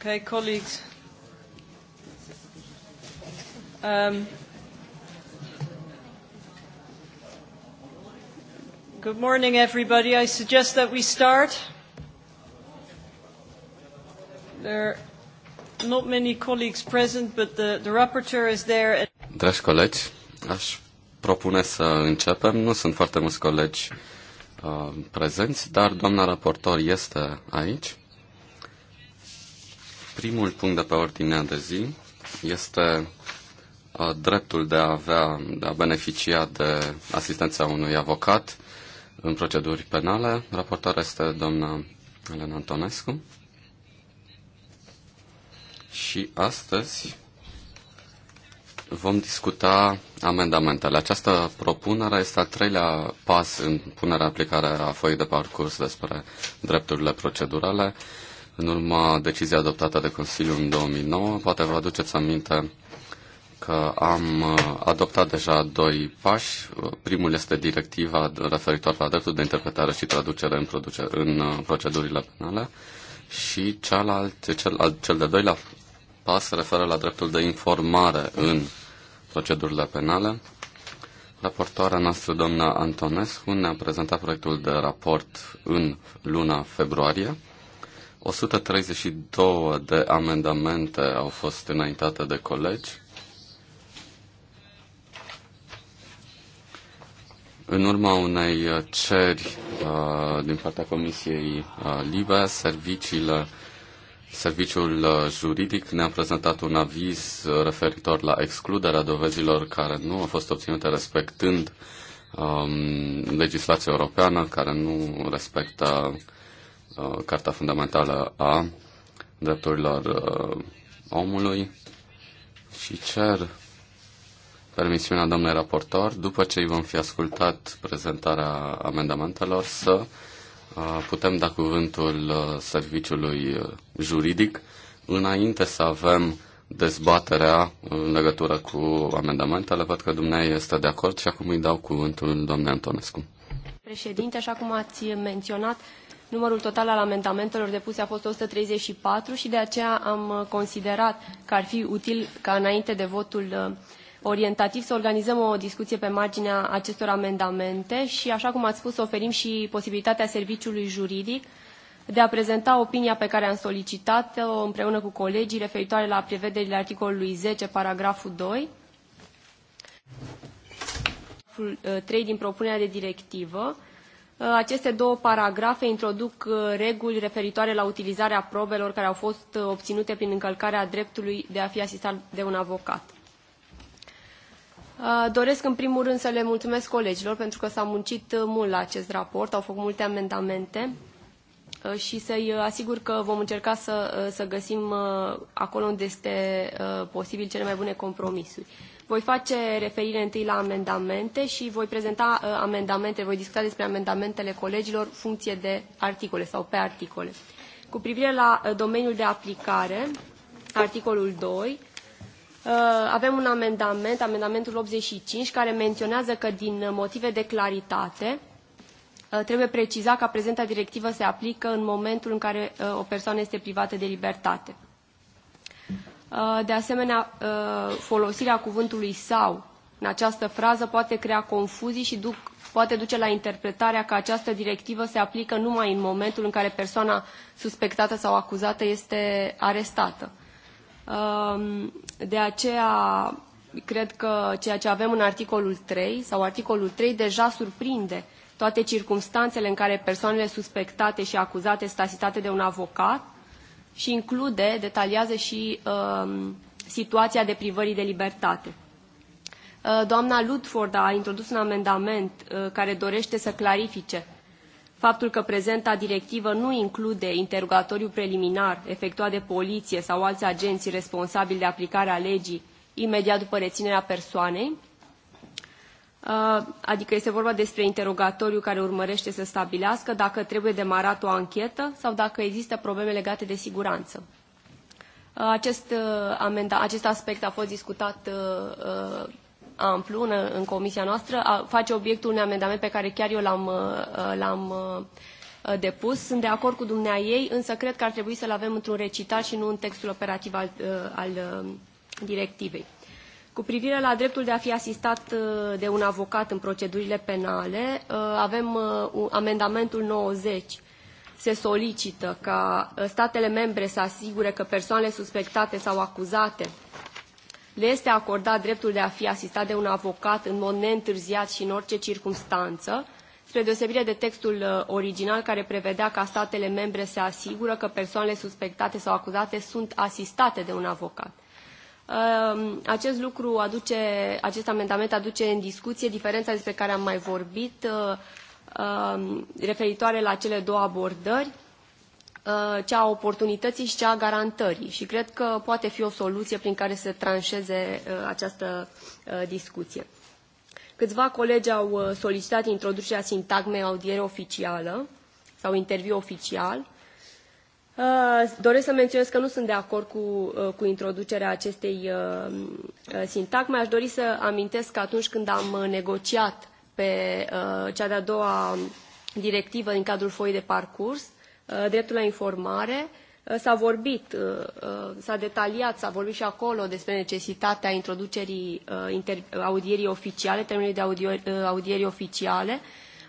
Okay, colleagues. Um, good morning, everybody. I suggest that we start. There are not many colleagues present, but the, the rapporteur is there. Dragi colegi, aș propune să începem. Nu sunt foarte mulți colegi uh, prezenți, dar doamna raportor este aici. Primul punct de pe ordinea de zi este uh, dreptul de a avea, de a beneficia de asistența unui avocat în proceduri penale. Raportarea este doamna Elena Antonescu. Și astăzi vom discuta amendamentele. Această propunere este al treilea pas în punerea aplicare a foii de parcurs despre drepturile procedurale în urma deciziei adoptate de Consiliu în 2009. Poate vă aduceți aminte că am uh, adoptat deja doi pași. Primul este directiva referitoare la dreptul de interpretare și traducere în, produce, în uh, procedurile penale și cealalt, cel, cel de doilea pas se referă la dreptul de informare în procedurile penale. Raportoarea noastră, doamna Antonescu, ne-a prezentat proiectul de raport în luna februarie 132 de amendamente au fost înaintate de colegi. În urma unei ceri uh, din partea Comisiei uh, Libe, serviciile, serviciul uh, juridic ne-a prezentat un aviz referitor la excluderea dovezilor care nu au fost obținute respectând um, legislația europeană, care nu respectă uh, Uh, Carta Fundamentală a Drepturilor uh, Omului și cer permisiunea domnului raportor, după ce îi vom fi ascultat prezentarea amendamentelor, să uh, putem da cuvântul uh, serviciului juridic înainte să avem dezbaterea în legătură cu amendamentele. Văd că dumneavoastră este de acord și acum îi dau cuvântul domnului Antonescu. Președinte, așa cum ați menționat, Numărul total al amendamentelor depuse a fost 134 și de aceea am uh, considerat că ar fi util ca înainte de votul uh, orientativ să organizăm o discuție pe marginea acestor amendamente și, așa cum ați spus, oferim și posibilitatea serviciului juridic de a prezenta opinia pe care am solicitat-o împreună cu colegii referitoare la prevederile articolului 10, paragraful 2, 3 uh, din propunerea de directivă, Uh, aceste două paragrafe introduc uh, reguli referitoare la utilizarea probelor care au fost uh, obținute prin încălcarea dreptului de a fi asistat de un avocat. Doresc în primul rând să le mulțumesc colegilor pentru că s-au muncit mult la acest raport, au făcut multe amendamente și să-i asigur că vom încerca să, să găsim acolo unde este posibil cele mai bune compromisuri. Voi face referire întâi la amendamente și voi prezenta uh, amendamente, voi discuta despre amendamentele colegilor funcție de articole sau pe articole. Cu privire la uh, domeniul de aplicare, articolul 2, uh, avem un amendament, amendamentul 85, care menționează că din motive de claritate trebuie precizat că prezenta directivă se aplică în momentul în care o persoană este privată de libertate. Uh, de asemenea, uh, folosirea cuvântului sau în această frază poate crea confuzii și duc, poate duce la interpretarea că această directivă se aplică numai în momentul în care persoana suspectată sau acuzată este arestată. Um, de aceea, cred că ceea ce avem în articolul 3 sau articolul 3 deja surprinde toate circumstanțele în care persoanele suspectate și acuzate sunt asistate de un avocat și include, detaliază și um, situația deprivării de libertate. Uh, doamna Ludford a introdus un amendament uh, care dorește să clarifice faptul că prezenta directivă nu include interogatoriu preliminar efectuat de poliție sau alți agenți responsabili de aplicarea legii imediat după reținerea persoanei, Uh, adică este vorba despre interogatoriu care urmărește să stabilească dacă trebuie demarat o anchetă sau dacă există probleme legate de siguranță. Uh, acest, uh, amenda, acest aspect a fost discutat amplu în, în comisia noastră, a, face obiectul unui amendament pe care chiar eu l-am depus. Sunt de acord cu dumnea ei, însă cred că ar trebui să-l avem într-un recital și nu în textul operativ al, al directivei. Cu privire la dreptul de a fi asistat uh, de un avocat în procedurile penale, uh, avem uh, amendamentul 90. Se solicită ca statele membre să asigure că persoanele suspectate sau acuzate le este acordat dreptul de a fi asistat de un avocat în mod neîntârziat și în orice circunstanță, spre deosebire de textul original care prevedea ca statele membre se asigură că persoanele suspectate sau acuzate sunt asistate de un avocat. Ehm, acest lucru aduce, acest amendament aduce în discuție diferența despre care am mai vorbit ehm, ehm, referitoare la cele două abordări, cea a oportunității și cea a garantării. Și cred că poate fi o soluție prin care să tranșeze această discuție. Câțiva colegi au solicitat introducerea sintagmei audiere oficială sau interviu oficial, Uh, doresc să menționez că nu sunt de acord cu, uh, cu introducerea acestei uh, sintagme. Aș dori să amintesc că atunci când am negociat pe cea de-a doua directivă din cadrul foii de parcurs, dreptul la informare, s-a vorbit, s-a detaliat, s-a vorbit și acolo despre necesitatea introducerii audierii oficiale, termenului de audieri oficiale,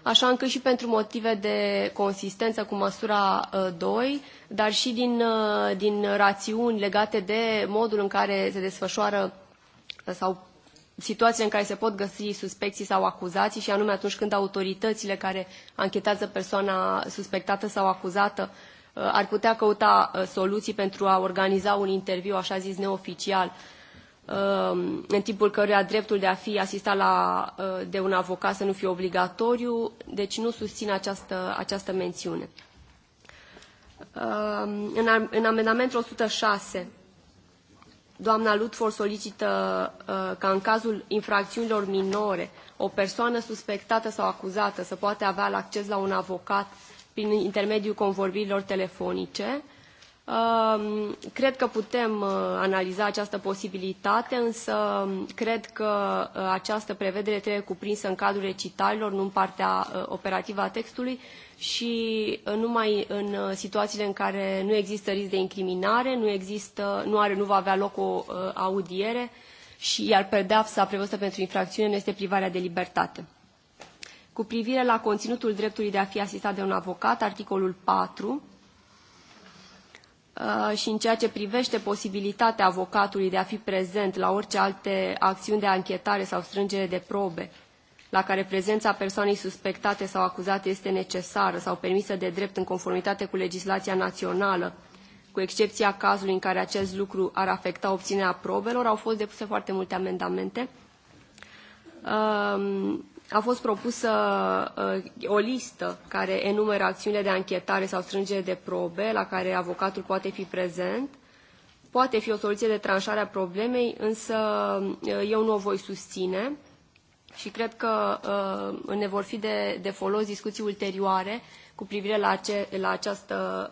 așa încât și pentru motive de consistență cu măsura 2, uh, dar și din, uh, din rațiuni legate de modul în care se desfășoară uh, sau situația în care se pot găsi suspecții sau acuzații și anume atunci când autoritățile care anchetează persoana suspectată sau acuzată ar putea căuta soluții pentru a organiza un interviu, așa zis, neoficial, Um, în timpul căruia dreptul de a fi asistat la, uh, de un avocat să nu fie obligatoriu, deci nu susțin această, această mențiune. Um, în, în amendamentul 106, doamna Lutfor solicită uh, ca în cazul infracțiunilor minore, o persoană suspectată sau acuzată să poată avea acces la un avocat prin intermediul convorbirilor telefonice, uh, Cred că putem uh, analiza această posibilitate, însă um, cred că uh, această prevedere trebuie cuprinsă în cadrul recitalilor, nu în partea uh, operativă a textului și numai în situațiile în care nu există risc de incriminare, nu, există, nu, are, nu va avea loc o audiere și iar pedeapsa prevăzută pentru infracțiune nu este privarea de libertate. Cu privire la conținutul dreptului de a fi asistat de un avocat, articolul 4, Uh, și în ceea ce privește posibilitatea avocatului de a fi prezent la orice alte acțiuni de anchetare sau strângere de probe, la care prezența persoanei suspectate sau acuzate este necesară sau permisă de drept în conformitate cu legislația națională, cu excepția cazului în care acest lucru ar afecta obținerea probelor, au fost depuse foarte multe amendamente. Um, a fost propusă uh, o listă care enumeră acțiunile de anchetare sau strângere de probe la care avocatul poate fi prezent. Poate fi o soluție de tranșare a problemei, însă uh, eu nu o voi susține și cred că uh, ne vor fi de, de folos discuții ulterioare cu privire la, ace, la, această,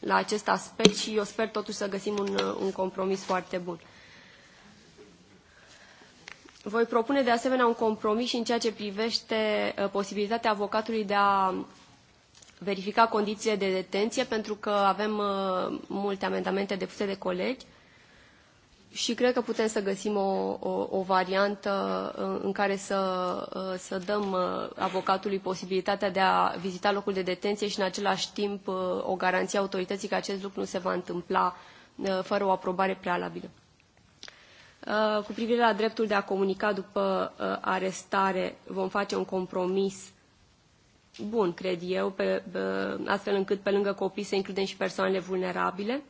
la acest aspect și eu sper totuși să găsim un, un compromis foarte bun. Voi propune de asemenea un compromis și în ceea ce privește uh, posibilitatea avocatului de a verifica condițiile de detenție, pentru că avem uh, multe amendamente depuse de colegi și cred că putem să găsim o, o, o variantă uh, în care să, să dăm avocatului posibilitatea de a vizita locul de detenție și în același timp o garanție autorității că acest lucru nu se va întâmpla fără o aprobare prealabilă. Uh, cu privire la dreptul de a comunica după uh, arestare, vom face un compromis bun, cred eu, pe, astfel încât pe lângă copii să includem și persoanele vulnerabile.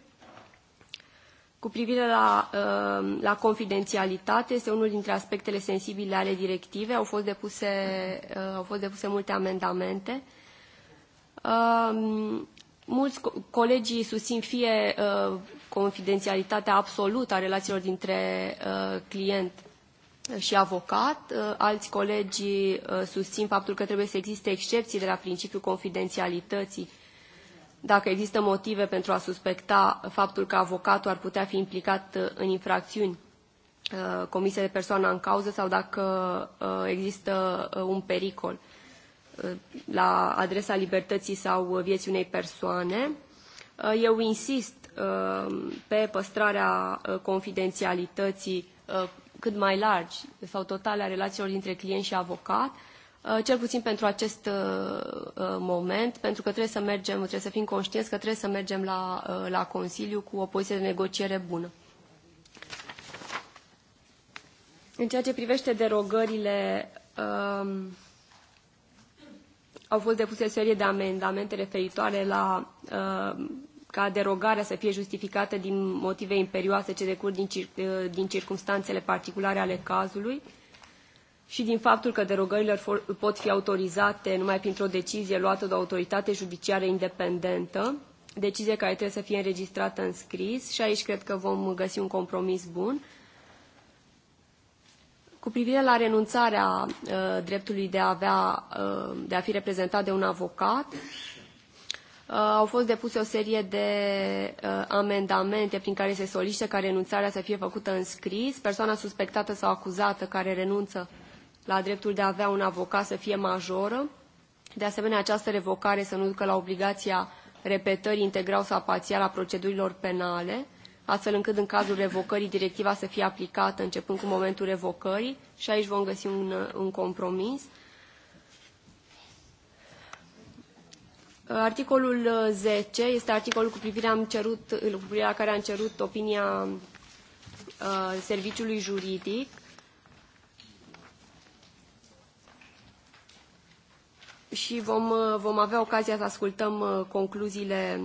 Cu privire la, uh, la confidențialitate, este unul dintre aspectele sensibile ale directivei. Au fost depuse, au fost depuse multe amendamente. Mulți colegii susțin fie confidențialitatea absolută a relațiilor dintre uh, client uh, și avocat. Uh, alți colegi susțin faptul că trebuie să existe excepții de la principiul confidențialității dacă există motive pentru a suspecta faptul că avocatul ar putea fi implicat în infracțiuni comise de persoana în cauză sau dacă există un pericol la adresa libertății sau vieții unei persoane. Eu insist Uh, pe păstrarea uh, confidențialității uh, cât mai largi sau totale a relațiilor dintre client și avocat, cel puțin pentru acest moment, pentru că trebuie să mergem, trebuie să fim conștienți că trebuie să mergem la, la Consiliu cu o poziție de negociere bună. În ceea ce privește derogările, um, au fost depuse o serie de amendamente referitoare la um, ca derogarea să fie justificată din motive imperioase ce decur din, cir ă, din circumstanțele particulare ale cazului și din faptul că derogările pot fi autorizate numai printr-o decizie luată de o autoritate judiciară independentă, decizie care trebuie să fie înregistrată în scris și aici cred că vom găsi un compromis bun. Cu privire la renunțarea uh, dreptului de a, avea, uh, de a fi reprezentat de un avocat, Uh, au fost depuse o serie de uh, amendamente prin care se solicită ca renunțarea să fie făcută în scris, persoana suspectată sau acuzată care renunță la dreptul de a avea un avocat să fie majoră, de asemenea această revocare să nu ducă la obligația repetării integral sau parțial a procedurilor penale, astfel încât în cazul revocării directiva să fie aplicată începând cu momentul revocării și aici vom găsi un, un compromis. Uh, Articolul 10 uh, este articolul cu privire, am cerut, cu privire la care am cerut opinia uh, serviciului juridic. Și vom, uh, vom avea ocazia să ascultăm concluziile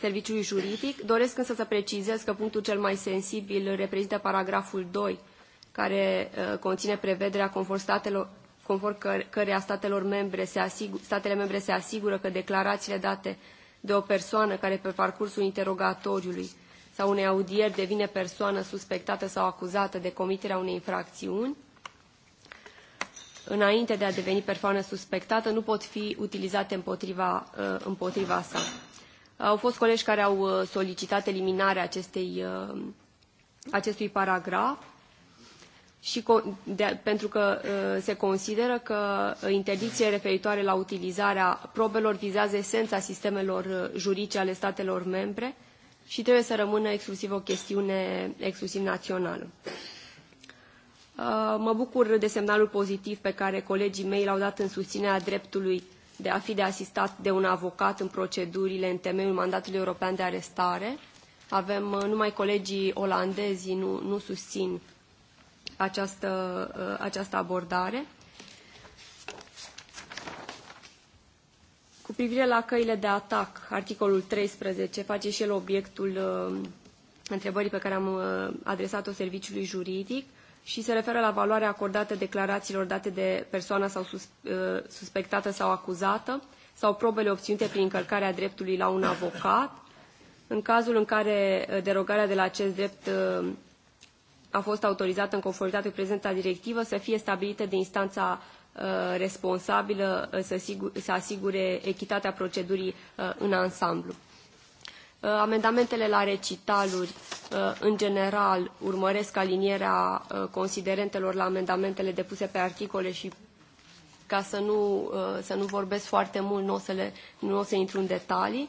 serviciului juridic. Doresc însă să precizez că punctul cel mai sensibil reprezintă paragraful 2, care conține prevederea conform statelor, conform căreia statelor membre se asigur, statele membre se asigură că declarațiile date de o persoană care pe parcursul interogatoriului sau unei audieri devine persoană suspectată sau acuzată de comiterea unei infracțiuni, înainte de a deveni persoană suspectată, nu pot fi utilizate împotriva, uh, împotriva sa. Au fost colegi care au uh, solicitat eliminarea acestei, uh, acestui paragraf și de, pentru că uh, se consideră că uh, interdicție referitoare la utilizarea probelor vizează esența sistemelor uh, juridice ale statelor membre și trebuie să rămână exclusiv o chestiune exclusiv națională. mă bucur de semnalul pozitiv pe care colegii mei l-au dat în susținerea dreptului de a fi de asistat de un avocat în procedurile în temeiul mandatului european de arestare. Avem numai colegii olandezi nu, nu susțin această, uh, această abordare. Cu privire la căile de atac, articolul 13 face și el obiectul uh, întrebării pe care am uh, adresat-o serviciului juridic și se referă la valoarea acordată declarațiilor date de persoana sau suspectată sau acuzată sau probele obținute prin încălcarea dreptului la un avocat, în cazul în care derogarea de la acest drept a fost autorizată în conformitate cu prezenta directivă să fie stabilită de instanța uh, responsabilă uh, să, asigure echitatea procedurii uh, în ansamblu. Amendamentele la recitaluri, în general, urmăresc alinierea considerentelor la amendamentele depuse pe articole și ca să nu, să nu vorbesc foarte mult, nu o să, le, nu o să intru în detalii.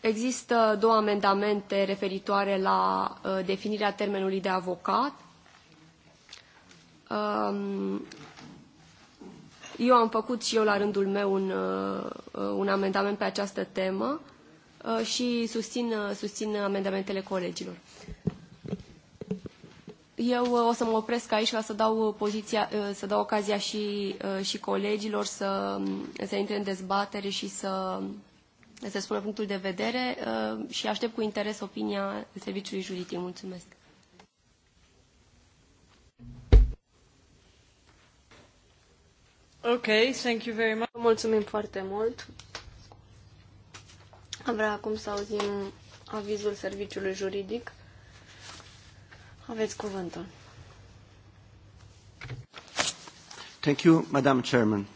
Există două amendamente referitoare la uh, definirea termenului de avocat. Um, eu am făcut și eu la rândul meu un, uh, un amendament pe această temă uh, și susțin, uh, susțin amendamentele colegilor. Eu uh, o să mă opresc aici ca să dau, poziția, uh, să dau ocazia și, și colegilor să, să intre în dezbatere și să să spună punctul de vedere uh, și aștept cu interes opinia Serviciului Juridic. Mulțumesc. Ok, thank you very much. Mulțumim foarte mult. Am vrea acum să auzim avizul serviciului juridic. Aveți cuvântul. Thank you, Madam Chairman.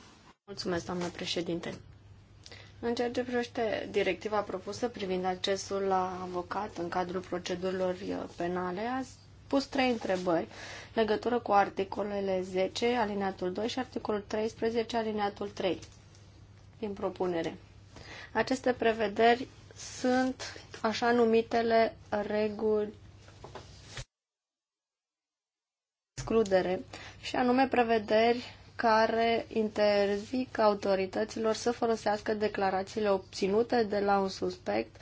Mulțumesc, doamnă președinte. În ceea ce privește directiva propusă privind accesul la avocat în cadrul procedurilor uh, penale, a pus trei întrebări legătură cu articolele 10, alineatul 2 și articolul 13, alineatul 3 din propunere. Aceste prevederi sunt așa numitele reguli excludere și anume prevederi care interzic autorităților să folosească declarațiile obținute de la un suspect,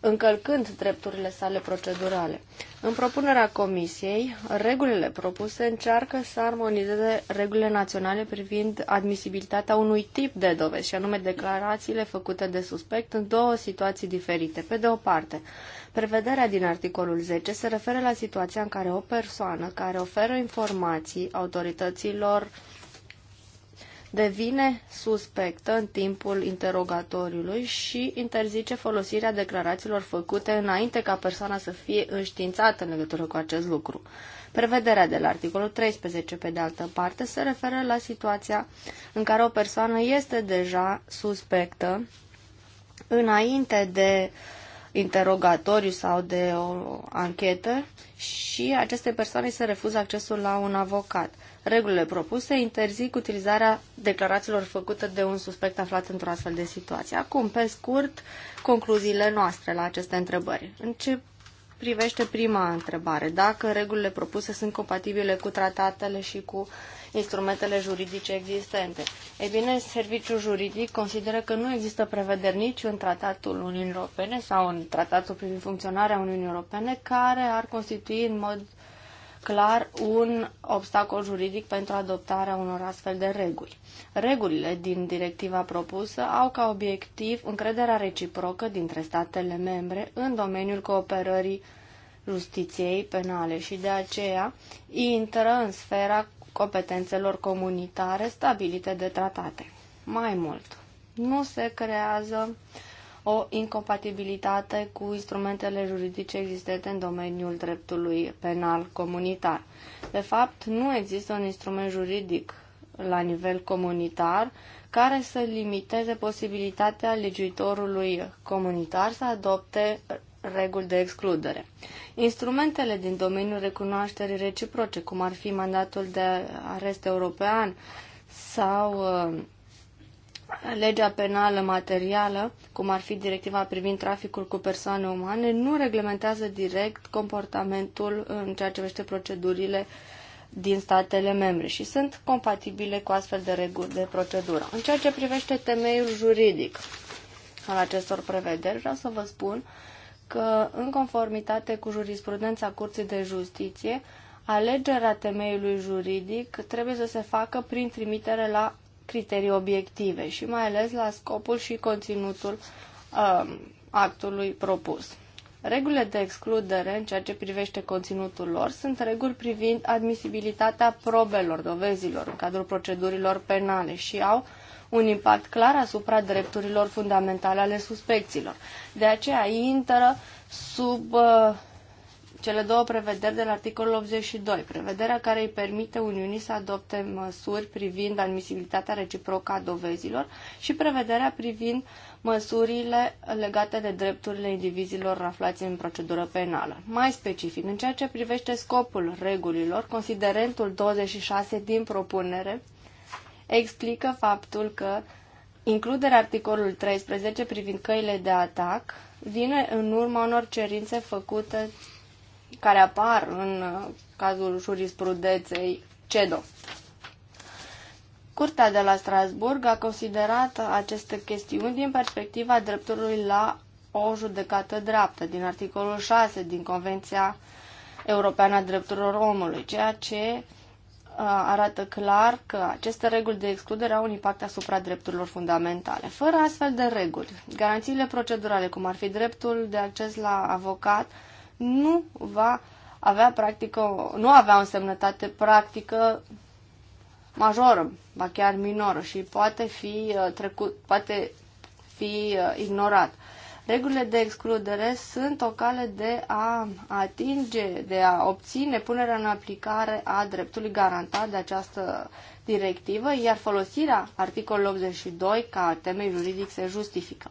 încălcând drepturile sale procedurale. În propunerea comisiei, regulile propuse încearcă să armonizeze regulile naționale privind admisibilitatea unui tip de dovezi, și anume declarațiile făcute de suspect în două situații diferite. Pe de o parte, Prevederea din articolul 10 se referă la situația în care o persoană care oferă informații autorităților devine suspectă în timpul interogatoriului și interzice folosirea declarațiilor făcute înainte ca persoana să fie înștiințată în legătură cu acest lucru. Prevederea de la articolul 13, pe de altă parte, se referă la situația în care o persoană este deja suspectă înainte de uh, interogatoriu sau de o anchetă și aceste persoane se refuză accesul la un avocat. Regulile propuse interzic utilizarea declarațiilor făcute de un suspect aflat într-o astfel de situație. Acum, pe scurt, concluziile noastre la aceste întrebări. În ce privește prima întrebare, dacă regulile propuse sunt compatibile cu tratatele și cu instrumentele juridice existente. Ei bine, serviciul juridic consideră că nu există prevederi nici în tratatul Uniunii Europene sau în tratatul privind funcționarea Uniunii Europene care ar constitui în mod clar un obstacol juridic pentru adoptarea unor astfel de reguli. Regulile din directiva propusă au ca obiectiv încrederea reciprocă dintre statele membre în domeniul cooperării justiției penale și de aceea intră în sfera competențelor comunitare stabilite de tratate. Mai mult, nu se creează uh, o incompatibilitate cu instrumentele juridice existente în domeniul dreptului penal comunitar. De fapt, nu există un instrument juridic la nivel comunitar care să limiteze posibilitatea legiuitorului comunitar să adopte reguli de excludere. Instrumentele din domeniul recunoașterii reciproce, cum ar fi mandatul de arest european sau uh, legea penală materială, cum ar fi directiva privind traficul cu persoane umane, nu reglementează direct comportamentul în ceea ce privește procedurile din statele membre și sunt compatibile cu astfel de reguli de procedură. În ceea ce privește temeiul juridic al acestor prevederi, vreau să vă spun că, în conformitate cu jurisprudența Curții de Justiție, alegerea temeiului juridic trebuie să se facă prin trimitere la criterii obiective și mai ales la scopul și conținutul uh, actului propus. Regulile de excludere în ceea ce privește conținutul lor sunt reguli privind admisibilitatea probelor, dovezilor în cadrul procedurilor penale și au un impact clar asupra drepturilor fundamentale ale suspecților. De aceea intră sub uh, cele două prevederi de la articolul 82, prevederea care îi permite Uniunii să adopte măsuri privind admisibilitatea reciprocă a dovezilor și prevederea privind măsurile legate de drepturile indivizilor aflați în procedură penală. Mai specific, în ceea ce privește scopul regulilor, considerentul 26 din propunere explică faptul că includerea articolului 13 privind căile de atac vine în urma unor cerințe făcute care apar în uh, cazul jurisprudenței CEDO. Curtea de la Strasburg a considerat aceste chestiuni din perspectiva dreptului la o judecată dreaptă, din articolul 6 din Convenția Europeană a Drepturilor Omului, ceea ce uh, arată clar că aceste reguli de excludere au un impact asupra drepturilor fundamentale. Fără astfel de reguli, garanțiile procedurale, cum ar fi dreptul de acces la avocat, nu va avea practică, nu avea o semnătate practică majoră, ba chiar minoră și poate fi uh, trecut, poate fi uh, ignorat. Regulile de excludere sunt o cale de a atinge, de a obține punerea în aplicare a dreptului garantat de această directivă, iar folosirea articolului 82 ca temei juridic se justifică.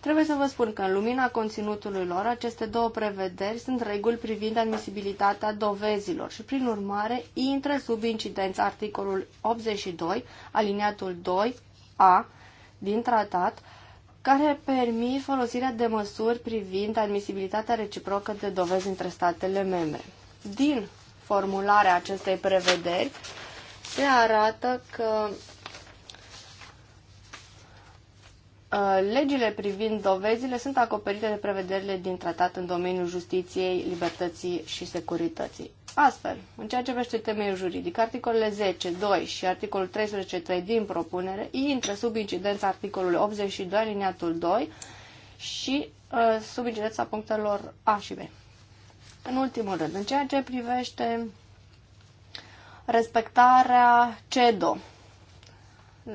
Trebuie să vă spun că în lumina conținutului lor, aceste două prevederi sunt reguli privind admisibilitatea dovezilor și, prin urmare, intră sub incidența articolul 82, aliniatul 2a din tratat, care permit folosirea de măsuri privind admisibilitatea reciprocă de dovezi între statele membre. Din formularea acestei prevederi se arată că Uh, legile privind dovezile sunt acoperite de prevederile din tratat în domeniul justiției, libertății și securității. Astfel, în ceea ce vește temeiul juridic, articolele 10, 2 și articolul 3 din propunere intră sub incidența articolului 82, liniatul 2 și uh, sub incidența punctelor A și B. În ultimul rând, în ceea ce privește respectarea CEDO,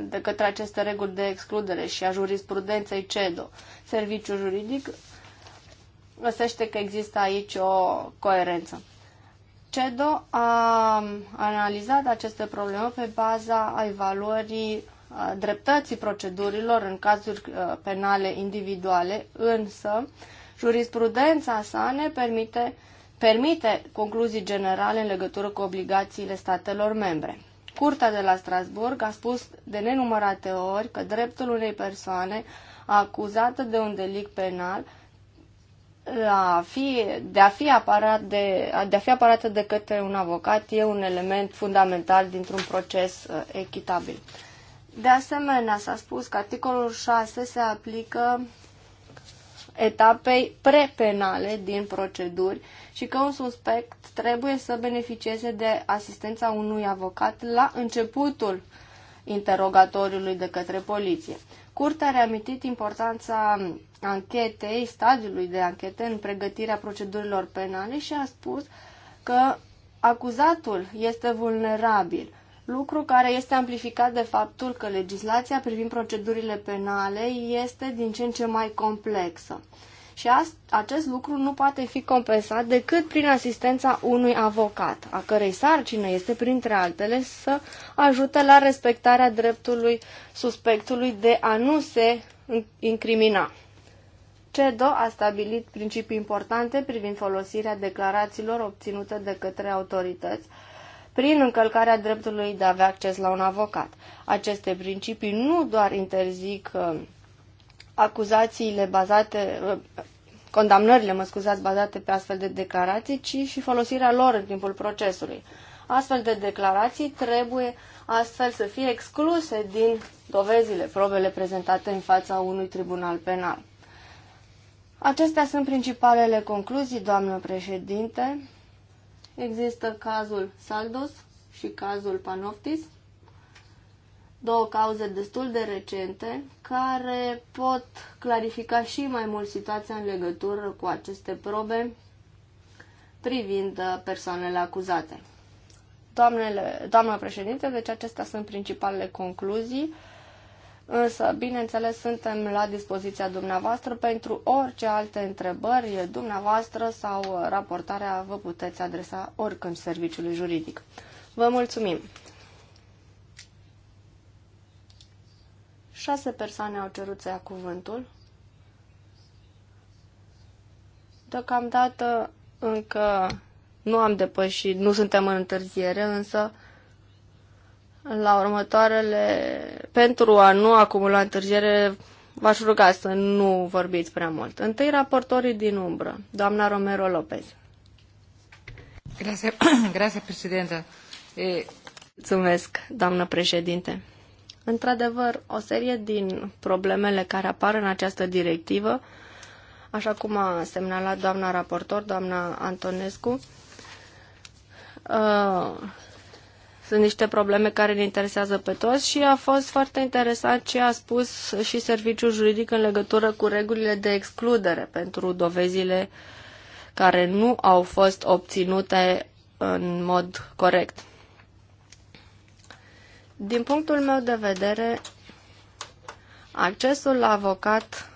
de către aceste reguli de excludere și a jurisprudenței CEDO. Serviciul juridic găsește că există aici o coerență. CEDO a analizat aceste probleme pe baza a evaluării dreptății procedurilor în cazuri penale individuale, însă jurisprudența sa ne permite, permite concluzii generale în legătură cu obligațiile statelor membre. Curtea de la Strasburg a spus de nenumărate ori că dreptul unei persoane acuzată de un delict penal la fi, de, a fi aparat de, de a fi aparată de către un avocat e un element fundamental dintr-un proces uh, echitabil. De asemenea, s-a spus că articolul 6 se aplică etapei prepenale din proceduri și că un suspect trebuie să beneficieze de asistența unui avocat la începutul interogatoriului de către poliție. Curtea a reamintit importanța anchetei, stadiului de anchete în pregătirea procedurilor penale și a spus că acuzatul este vulnerabil lucru care este amplificat de faptul că legislația privind procedurile penale este din ce în ce mai complexă. Și acest lucru nu poate fi compensat decât prin asistența unui avocat, a cărei sarcină este, printre altele, să ajute la respectarea dreptului suspectului de a nu se incrimina. CEDO a stabilit principii importante privind folosirea declarațiilor obținute de către autorități, prin încălcarea dreptului de a avea acces la un avocat. Aceste principii nu doar interzic uh, acuzațiile bazate, uh, condamnările, mă scuzați, bazate pe astfel de declarații, ci și folosirea lor în timpul procesului. Astfel de declarații trebuie astfel să fie excluse din dovezile, probele prezentate în fața unui tribunal penal. Acestea sunt principalele concluzii, doamnă președinte, Există cazul Saldos și cazul Panoftis, două cauze destul de recente care pot clarifica și mai mult situația în legătură cu aceste probe privind uh, persoanele acuzate. Doamnele, doamna președinte, deci acestea sunt principalele concluzii Însă, bineînțeles, suntem la dispoziția dumneavoastră pentru orice alte întrebări dumneavoastră sau raportarea vă puteți adresa oricând serviciului juridic. Vă mulțumim! Șase persoane au cerut să ia cuvântul. Deocamdată încă nu am depășit, nu suntem în întârziere, însă la următoarele, pentru a nu acumula întârziere, v-aș ruga să nu vorbiți prea mult. Întâi raportorii din umbră, doamna Romero Lopez. Grazie, grazie președinte. E... Mulțumesc, doamnă președinte. Într-adevăr, o serie din problemele care apar în această directivă, așa cum a semnalat doamna raportor, doamna Antonescu, uh, sunt niște probleme care ne interesează pe toți și a fost foarte interesant ce a spus și serviciul juridic în legătură cu regulile de excludere pentru dovezile care nu au fost obținute în mod corect. Din punctul meu de vedere, accesul la avocat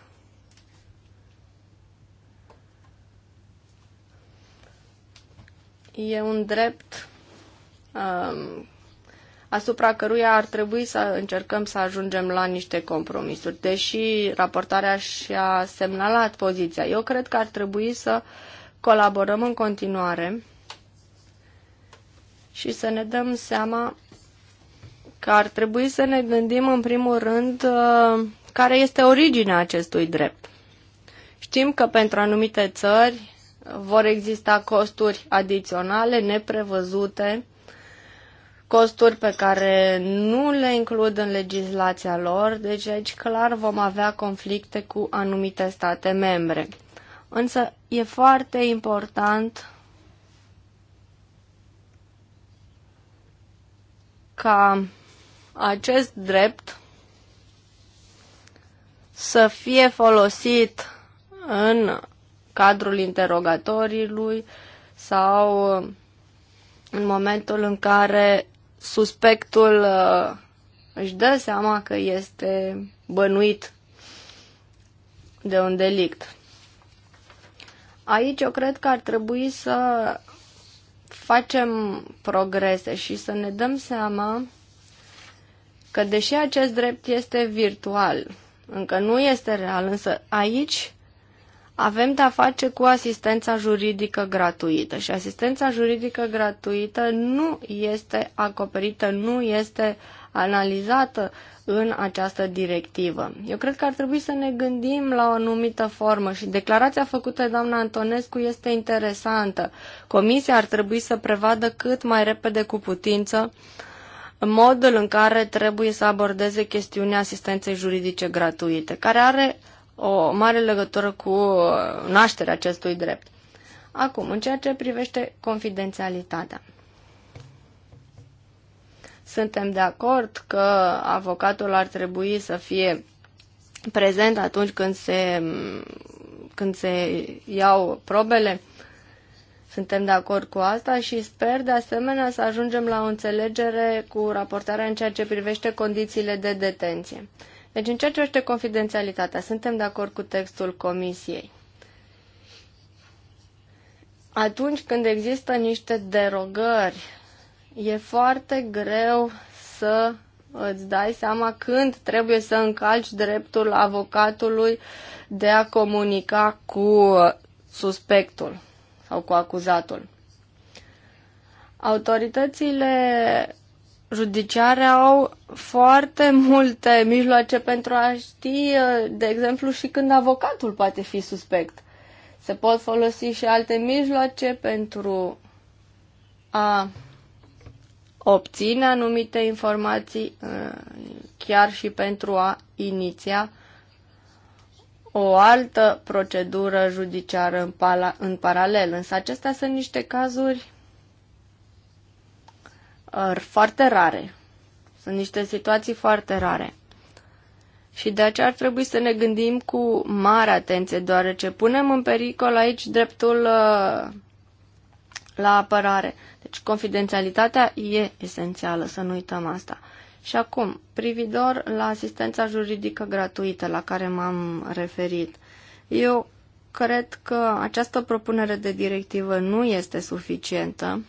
e un drept Um, asupra căruia ar trebui să încercăm să ajungem la niște compromisuri, deși raportarea și-a semnalat poziția. Eu cred că ar trebui să colaborăm în continuare și să ne dăm seama că ar trebui să ne gândim în primul rând uh, care este originea acestui drept. Știm că pentru anumite țări vor exista costuri adiționale neprevăzute costuri pe care nu le includ în legislația lor, deci aici clar vom avea conflicte cu anumite state membre. Însă e foarte important ca acest drept să fie folosit în cadrul interogatoriului sau în momentul în care suspectul uh, își dă seama că este bănuit de un delict. Aici eu cred că ar trebui să facem progrese și să ne dăm seama că deși acest drept este virtual, încă nu este real, însă aici avem de-a face cu asistența juridică gratuită și asistența juridică gratuită nu este acoperită, nu este analizată în această directivă. Eu cred că ar trebui să ne gândim la o anumită formă și declarația făcută de doamna Antonescu este interesantă. Comisia ar trebui să prevadă cât mai repede cu putință modul în care trebuie să abordeze chestiunea asistenței juridice gratuite, care are o mare legătură cu nașterea acestui drept. Acum, în ceea ce privește confidențialitatea. Suntem de acord că avocatul ar trebui să fie prezent atunci când se, când se iau probele. Suntem de acord cu asta și sper de asemenea să ajungem la o înțelegere cu raportarea în ceea ce privește condițiile de detenție. Deci, în ceea ce este confidențialitatea, suntem de acord cu textul comisiei. Atunci când există niște derogări, e foarte greu să îți dai seama când trebuie să încalci dreptul avocatului de a comunica cu suspectul sau cu acuzatul. Autoritățile judiciare au foarte multe mijloace pentru a ști, uh, de exemplu, și când avocatul poate fi suspect. Se pot folosi și alte mijloace pentru a obține anumite informații, uh, chiar și pentru a iniția o altă procedură judiciară în, pala, în paralel. Însă acestea sunt niște cazuri Uh, foarte rare. Sunt niște situații foarte rare. Și de aceea ar trebui să ne gândim cu mare atenție, deoarece punem în pericol aici dreptul uh, la apărare. Deci confidențialitatea e esențială, să nu uităm asta. Și acum, privitor la asistența juridică gratuită la care m-am referit, eu cred că această propunere de directivă nu este suficientă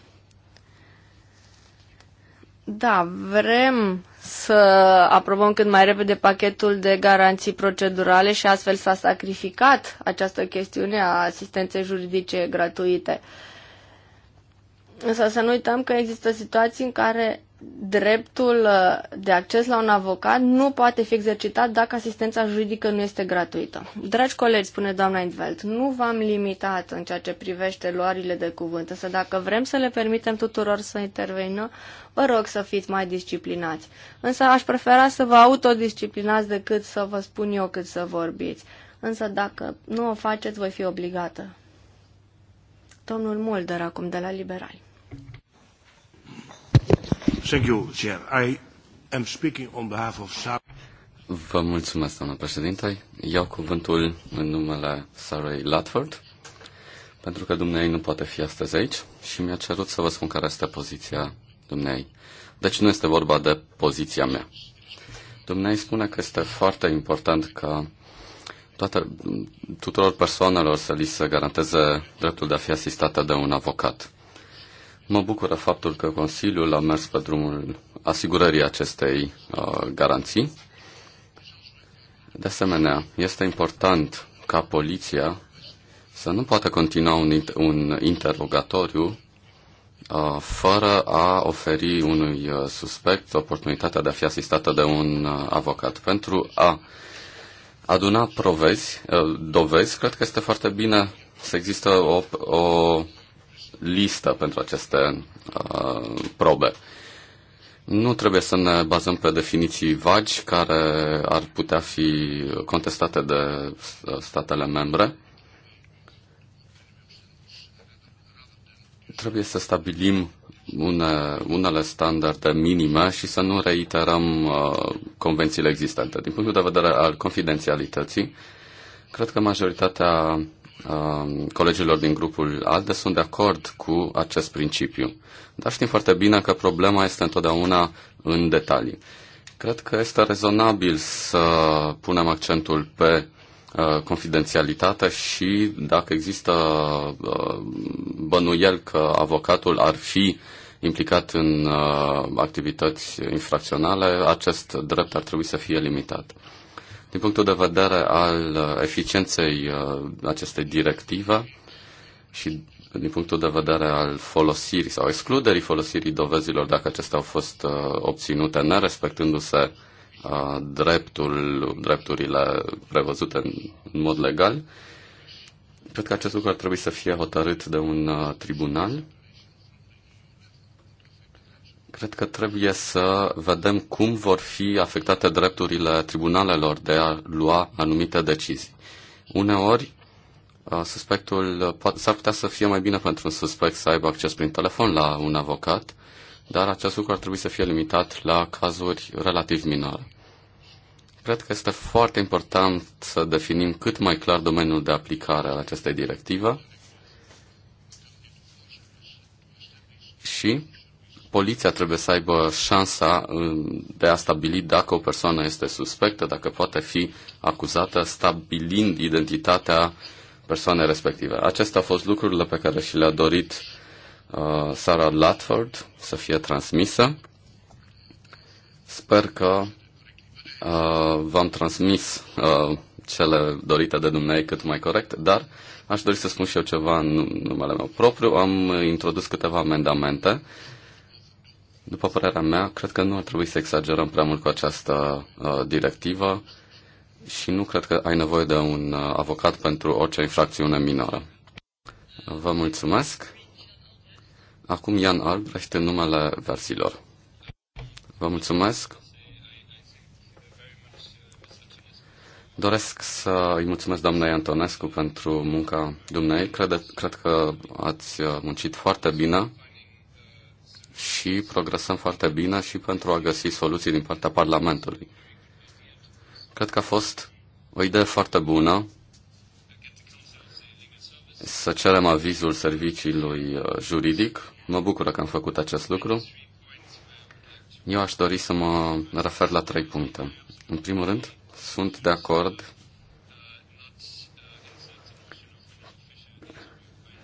da, vrem să aprobăm cât mai repede pachetul de garanții procedurale și astfel s-a sacrificat această chestiune a asistenței juridice gratuite. Însă să nu uităm că există situații în care dreptul uh, de acces la un avocat nu poate fi exercitat dacă asistența juridică nu este gratuită. Dragi colegi, spune doamna Invelt, nu v-am limitat în ceea ce privește luările de cuvânt, însă dacă vrem să le permitem tuturor să intervină, vă rog să fiți mai disciplinați. Însă aș prefera să vă autodisciplinați decât să vă spun eu cât să vorbiți. Însă dacă nu o faceți, voi fi obligată. Domnul Mulder acum de la Liberali. Vă mulțumesc, doamnă președinte. Iau cuvântul în numele Sarah Latford, pentru că dumnei nu poate fi astăzi aici și mi-a cerut să vă spun care este poziția dumnei. Deci nu este vorba de poziția mea. Dumnei spune că este foarte important ca toate, tuturor persoanelor să li se garanteze dreptul de a fi asistată de un avocat. Mă bucură faptul că Consiliul a mers pe drumul asigurării acestei uh, garanții. De asemenea, este important ca poliția să nu poată continua un, un interogatoriu uh, fără a oferi unui uh, suspect oportunitatea de a fi asistată de un uh, avocat. Pentru a aduna provezi, uh, dovezi, cred că este foarte bine să există o, o listă pentru aceste uh, probe. Nu trebuie să ne bazăm pe definiții vagi care ar putea fi contestate de uh, statele membre. Trebuie să stabilim une, unele standarde minime și să nu reiterăm uh, convențiile existente. Din punctul de vedere al confidențialității, cred că majoritatea Um, colegilor din grupul ALDE sunt de acord cu acest principiu. Dar știm foarte bine că problema este întotdeauna în detalii. Cred că este rezonabil să punem accentul pe uh, confidențialitate și dacă există uh, bănuiel că avocatul ar fi implicat în uh, activități infracționale, acest drept ar trebui să fie limitat. Din punctul de vedere al uh, eficienței uh, acestei directive și din punctul de vedere al folosirii sau excluderii folosirii dovezilor dacă acestea au fost uh, obținute nerespectându-se dreptul, drepturile prevăzute în mod legal, cred că acest lucru ar trebui să fie hotărât de un tribunal Cred că trebuie să vedem cum vor fi afectate drepturile tribunalelor de a lua anumite decizii. Uneori, suspectul s-ar putea să fie mai bine pentru un suspect să aibă acces prin telefon la un avocat, dar acest lucru ar trebui să fie limitat la cazuri relativ minore. Cred că este foarte important să definim cât mai clar domeniul de aplicare al acestei directive și poliția trebuie să aibă șansa de a stabili dacă o persoană este suspectă, dacă poate fi acuzată, stabilind identitatea persoanei respective. Acestea au fost lucrurile pe care și le-a dorit uh, Sarah Latford să fie transmisă. Sper că uh, v-am transmis uh, cele dorite de dumneavoastră cât mai corect, dar aș dori să spun și eu ceva în numele meu propriu. Am introdus câteva amendamente uh, după părerea mea, cred că nu ar trebui să exagerăm prea mult cu această uh, directivă și nu cred că ai nevoie de un uh, avocat pentru orice infracțiune minoră. Vă mulțumesc. Acum Ian Albrecht în numele versilor. Vă mulțumesc. Doresc să îi mulțumesc doamnei Antonescu pentru munca dumnei. Cred, cred că ați uh, muncit foarte bine și progresăm foarte bine și pentru a găsi soluții din partea Parlamentului. Cred că a fost o idee foarte bună să cerem avizul serviciului uh, juridic. Mă bucur că am făcut acest lucru. Eu aș dori să mă refer la trei puncte. În primul rând, sunt de acord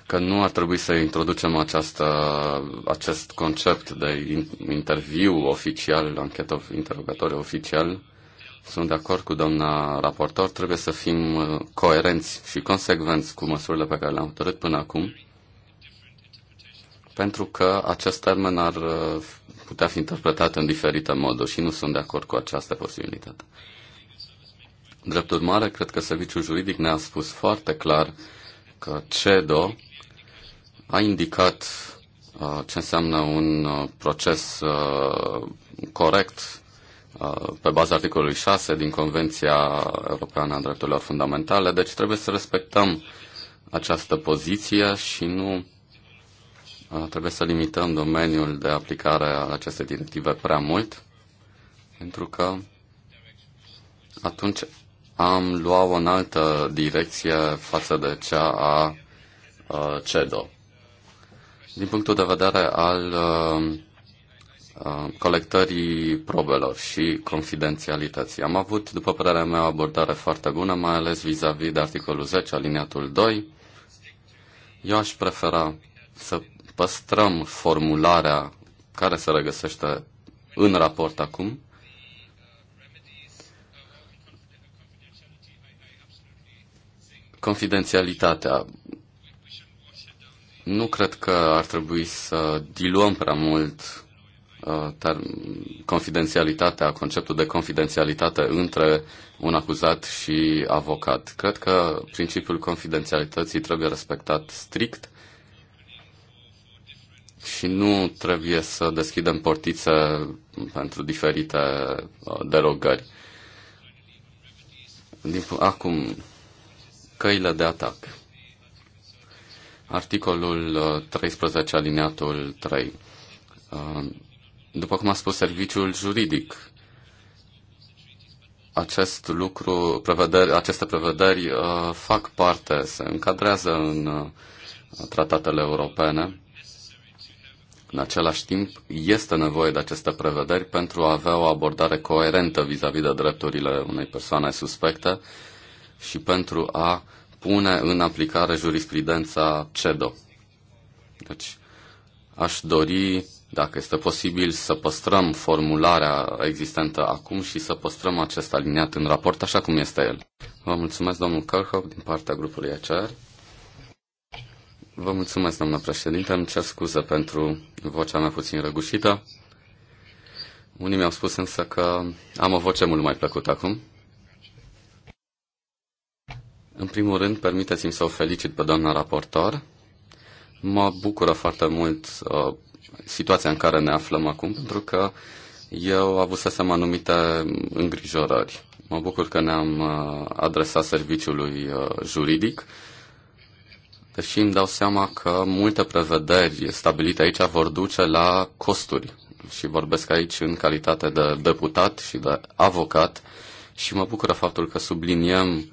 că nu ar trebui să introducem această, acest concept de interviu oficial, anchetă interogatoriu oficial. Sunt de acord cu doamna raportor, trebuie să fim uh, coerenți și consecvenți cu măsurile pe care le-am hotărât până acum, pentru că acest termen ar uh, putea fi interpretat în diferite moduri și nu sunt de acord cu această posibilitate. Drept urmare, cred că serviciul juridic ne-a spus foarte clar că CEDO a indicat uh, ce înseamnă un uh, proces uh, corect pe baza articolului 6 din Convenția Europeană a Drepturilor Fundamentale, deci trebuie să respectăm această poziție și nu trebuie să limităm domeniul de aplicare al acestei directive prea mult, pentru că atunci am luat o în altă direcție față de cea a CEDO din punctul de vedere al uh, uh, colectării probelor și confidențialității. Am avut, după părerea mea, o abordare foarte bună, mai ales vis-a-vis -vis de articolul 10, aliniatul 2. Eu aș prefera să păstrăm formularea care se regăsește în raport acum, confidențialitatea. Nu cred că ar trebui să diluăm prea mult uh, confidențialitatea, conceptul de confidențialitate între un acuzat și avocat. Cred că principiul confidențialității trebuie respectat strict și nu trebuie să deschidem portițe pentru diferite uh, derogări. Din, acum, căile de atac. Articolul 13, uh, alineatul 3. Uh, după cum a spus serviciul juridic, acest lucru, prevederi, aceste prevederi uh, fac parte, se încadrează în tratatele europene. În același timp, este nevoie de aceste prevederi pentru a avea o abordare coerentă vis-a-vis -vis de drepturile unei persoane suspecte și pentru a pune în aplicare jurisprudența CEDO. Deci, aș dori, dacă este posibil, să păstrăm formularea existentă acum și să păstrăm acest aliniat în raport așa cum este el. Vă mulțumesc, domnul Kerhoff, din partea grupului ECR. Vă mulțumesc, doamnă președinte. Îmi cer scuze pentru vocea mea puțin răgușită. Unii mi-au spus însă că am o voce mult mai plăcută acum. În primul rând, permiteți-mi să o felicit pe doamna raportor. Mă bucură foarte mult uh, situația în care ne aflăm acum, pentru că eu avusesem anumite îngrijorări. Mă bucur că ne-am uh, adresat serviciului uh, juridic, deși îmi dau seama că multe prevederi stabilite aici vor duce la costuri. Și vorbesc aici în calitate de deputat și de avocat și mă bucură faptul că subliniem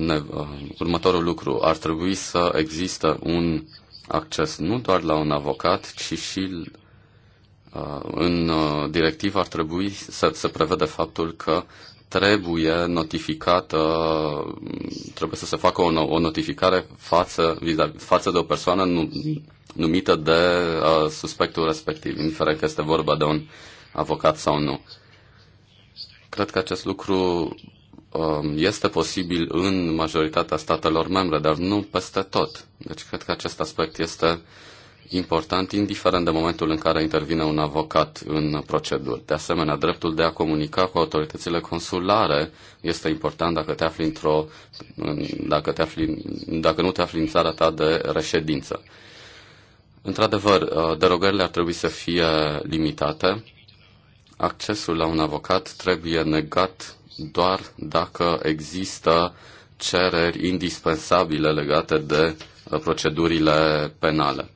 ne, uh, următorul lucru. Ar trebui să există un acces nu doar la un avocat, ci și uh, în uh, directivă ar trebui să se prevede faptul că trebuie notificată, trebuie să se facă o, o notificare față, față de o persoană numită de uh, suspectul respectiv, indiferent că este vorba de un avocat sau nu. Cred că acest lucru Um, este posibil în majoritatea statelor membre, dar nu peste tot. Deci cred că acest aspect este important, indiferent de momentul în care intervine un avocat în proceduri. De asemenea, dreptul de a comunica cu autoritățile consulare este important dacă te afli într-o, dacă, te afli, dacă nu te afli în țara ta de reședință. Într-adevăr, uh, derogările ar trebui să fie limitate. Accesul la un avocat trebuie negat doar dacă există cereri indispensabile legate de uh, procedurile penale.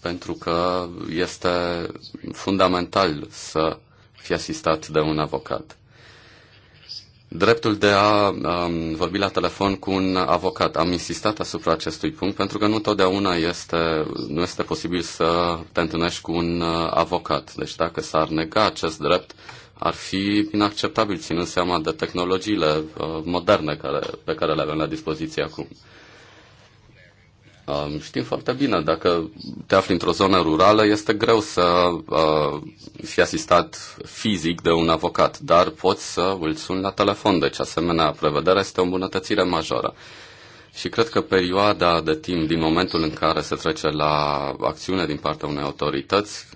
Pentru că este fundamental să fie asistat de un avocat. Dreptul de a um, vorbi la telefon cu un avocat. Am insistat asupra acestui punct pentru că nu totdeauna este, nu este posibil să te întâlnești cu un uh, avocat. Deci dacă s-ar nega acest drept, uh, ar fi inacceptabil ținând seama de tehnologiile uh, moderne care, pe care le avem la dispoziție acum. Um, știm foarte bine, dacă te afli într-o zonă rurală, este greu să uh, fii asistat fizic de un avocat, dar poți să îl suni la telefon. Deci, asemenea, prevederea este o îmbunătățire majoră. Și cred că perioada de timp din momentul în care se trece la acțiune din partea unei autorități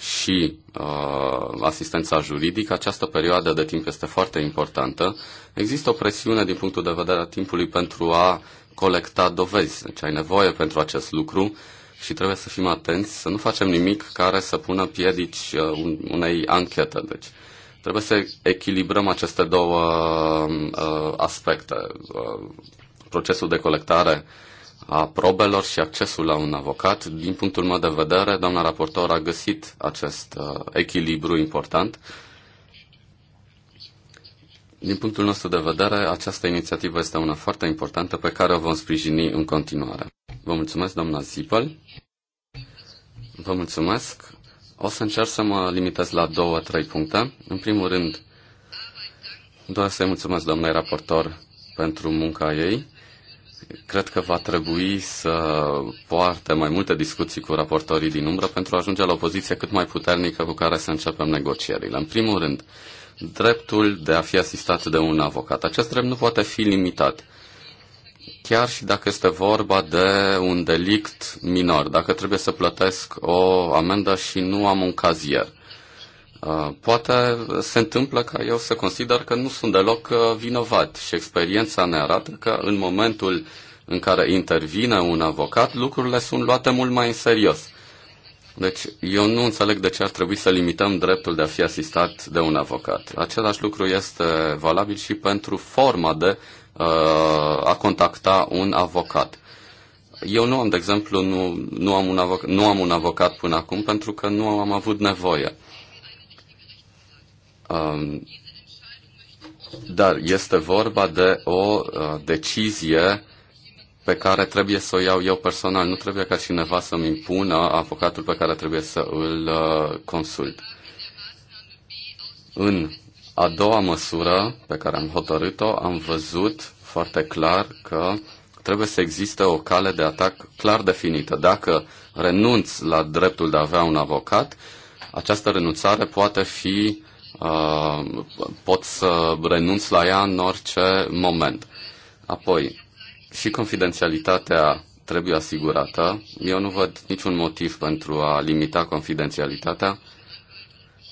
și uh, asistența juridică, această perioadă de timp este foarte importantă. Există o presiune din punctul de vedere a timpului pentru a colecta dovezi. Deci ai nevoie pentru acest lucru și trebuie să fim atenți să nu facem nimic care să pună piedici uh, unei anchete. Deci trebuie să echilibrăm aceste două uh, aspecte. Uh, procesul de colectare uh, a probelor și accesul la un avocat. Din punctul meu de vedere, doamna raportor a găsit acest uh, echilibru important. Din punctul nostru de vedere, această inițiativă este una foarte importantă pe care o vom sprijini în continuare. Vă mulțumesc, doamna Zipăl. Vă mulțumesc. O să încerc să mă limitez la două, trei puncte. În primul rând, doar să-i mulțumesc doamnei raportor pentru munca ei Cred că va trebui să poarte mai multe discuții cu raportorii din umbră pentru a ajunge la o poziție cât mai puternică cu care să începem negocierile. În primul rând, dreptul de a fi asistat de un avocat. Acest drept nu poate fi limitat. Chiar și dacă este vorba de un delict minor, dacă trebuie să plătesc o amendă și nu am un cazier. Uh, poate se întâmplă ca eu să consider că nu sunt deloc uh, vinovat și experiența ne arată că în momentul în care intervine un avocat, lucrurile sunt luate mult mai în serios. Deci eu nu înțeleg de ce ar trebui să limităm dreptul de a fi asistat de un avocat. Același lucru este valabil și pentru forma de uh, a contacta un avocat. Eu nu am, de exemplu, nu, nu, am un avocat, nu am un avocat până acum pentru că nu am avut nevoie. Um, dar este vorba de o uh, decizie pe care trebuie să o iau eu personal. Nu trebuie ca cineva să-mi impună avocatul pe care trebuie să îl uh, consult. În a doua măsură pe care am hotărât-o, am văzut foarte clar că trebuie să existe o cale de atac clar definită. Dacă renunți la dreptul de a avea un avocat, această renunțare poate fi Uh, pot să renunț la ea în orice moment. Apoi, și confidențialitatea trebuie asigurată. Eu nu văd niciun motiv pentru a limita confidențialitatea,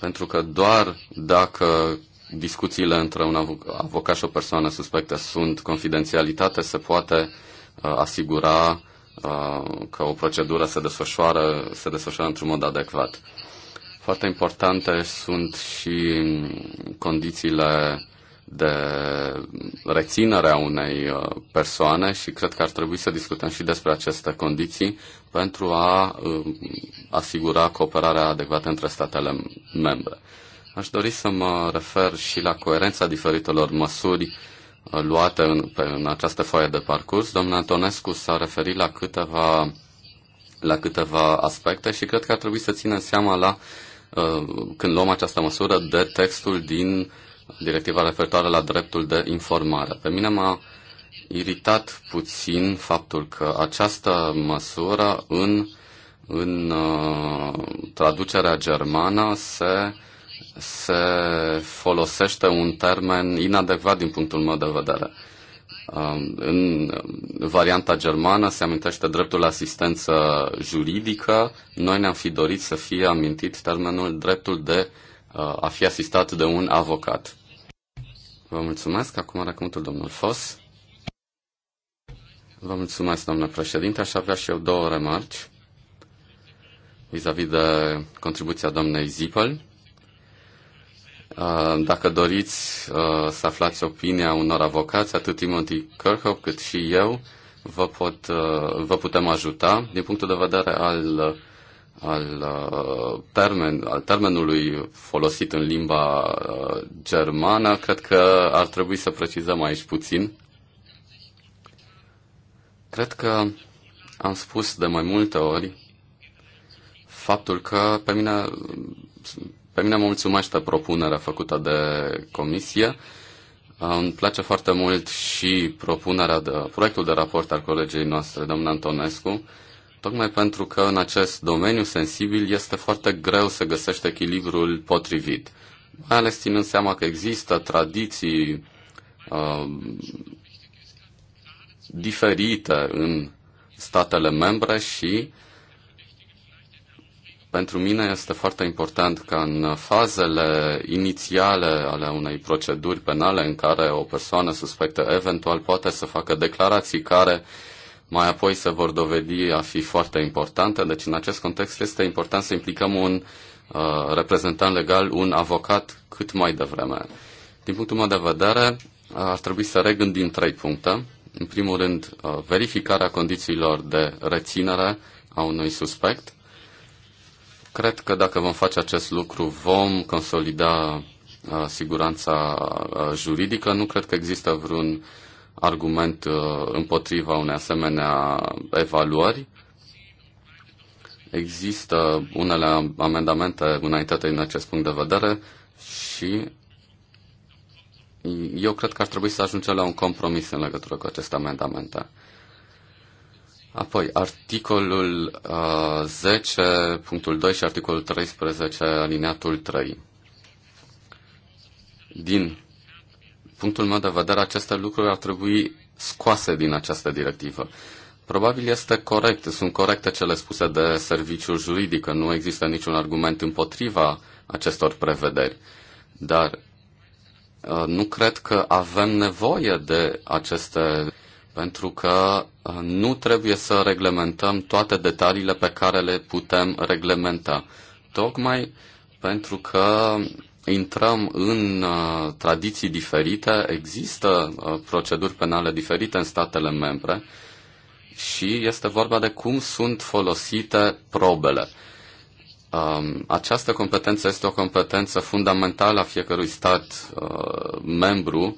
pentru că doar dacă discuțiile între un avocat și o persoană suspectă sunt confidențialitate, se poate uh, asigura uh, că o procedură se desfășoară, se desfășoară într-un mod adecvat. Foarte importante sunt și condițiile de reținere a unei uh, persoane și cred că ar trebui să discutăm și despre aceste condiții pentru a uh, asigura cooperarea adecvată între statele membre. Aș dori să mă refer și la coerența diferitelor măsuri uh, luate în, pe, în această foaie de parcurs. Domnul Antonescu s-a referit la câteva, la câteva aspecte și cred că ar trebui să ținem seama la uh, Uh, când luăm această măsură de textul din directiva referitoare la dreptul de informare. Pe mine m-a iritat puțin faptul că această măsură în, în uh, traducerea germană se, se folosește un termen inadecvat din punctul meu de vedere. Um, în um, varianta germană se amintește dreptul la asistență juridică. Noi ne-am fi dorit să fie amintit termenul dreptul de uh, a fi asistat de un avocat. Vă mulțumesc. Acum are cuvântul domnul Fos. Vă mulțumesc, doamnă președinte. Aș avea și eu două remarci vis-a-vis -vis de contribuția doamnei Zipel. Uh, dacă doriți uh, să aflați opinia unor avocați, atât Timothy Kirchhoff cât și eu, vă, pot, uh, vă putem ajuta. Din punctul de vedere al, al, termen, al termenului folosit în limba germană, cred că ar trebui să precizăm aici puțin. Cred că am spus de mai multe ori faptul că pe mine pe mine mă mulțumește propunerea făcută de comisie. Îmi place foarte mult și propunerea de, proiectul de raport al colegii noastre, domnul Antonescu, tocmai pentru că în acest domeniu sensibil este foarte greu să găsești echilibrul potrivit. Mai ales ținând seama că există tradiții uh, diferite în statele membre și uh, pentru mine este foarte important ca în fazele inițiale ale unei proceduri penale în care o persoană suspectă eventual poate să facă declarații care mai apoi se vor dovedi a fi foarte importante. Deci în acest context este important să implicăm un uh, reprezentant legal, un avocat cât mai devreme. Din punctul meu de vedere, uh, ar trebui să regândim trei puncte. În primul rând, uh, verificarea condițiilor de reținere a unui suspect. Cred că dacă vom face acest lucru, vom consolida uh, siguranța uh, juridică. Nu cred că există vreun argument uh, împotriva unei asemenea evaluări. Există unele amendamente înaintate în acest punct de vedere și eu cred că ar trebui să ajungem la un compromis în legătură cu aceste amendamente. Apoi, articolul uh, 10, punctul 2 și articolul 13, alineatul 3. Din punctul meu de vedere, aceste lucruri ar trebui scoase din această directivă. Probabil este corect, sunt corecte cele spuse de serviciul juridic, că nu există niciun argument împotriva acestor prevederi, dar uh, nu cred că avem nevoie de aceste pentru că uh, nu trebuie să reglementăm toate detaliile pe care le putem reglementa. Tocmai pentru că intrăm în uh, tradiții diferite, există uh, proceduri penale diferite în statele membre și este vorba de cum sunt folosite probele. Um, această competență este o competență fundamentală a fiecărui stat uh, membru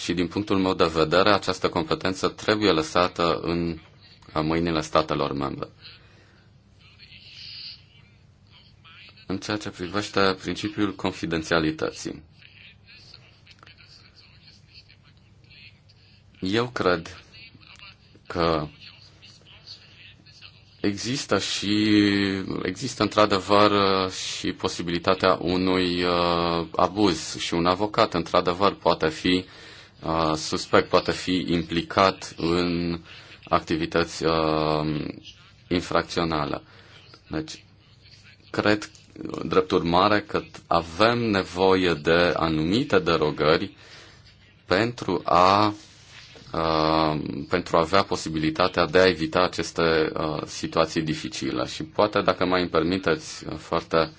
și din punctul meu de vedere, această competență trebuie lăsată în mâinile statelor membre. În ceea ce privește principiul confidențialității. Eu cred că Există și există într-adevăr și posibilitatea unui uh, abuz și un avocat într-adevăr poate fi Uh, suspect poate fi implicat în activități uh, infracționale. Deci, cred, drept urmare, că avem nevoie de anumite derogări pentru a uh, pentru a avea posibilitatea de a evita aceste uh, situații dificile. Și poate, dacă mai îmi permiteți, uh, foarte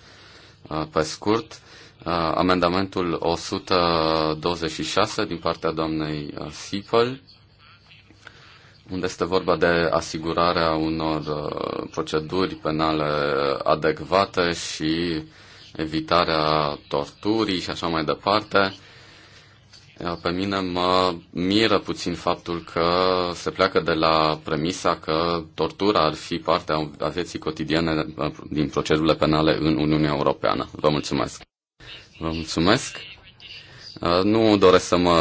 uh, pe scurt, Uh, amendamentul 126 din partea doamnei uh, Sipel, unde este vorba de asigurarea unor uh, proceduri penale adecvate și evitarea torturii și așa mai departe. Pe mine mă miră puțin faptul că se pleacă de la premisa că tortura ar fi partea a vieții cotidiene din procedurile penale în Uniunea Europeană. Vă mulțumesc! Vă mulțumesc. Uh, nu doresc să mă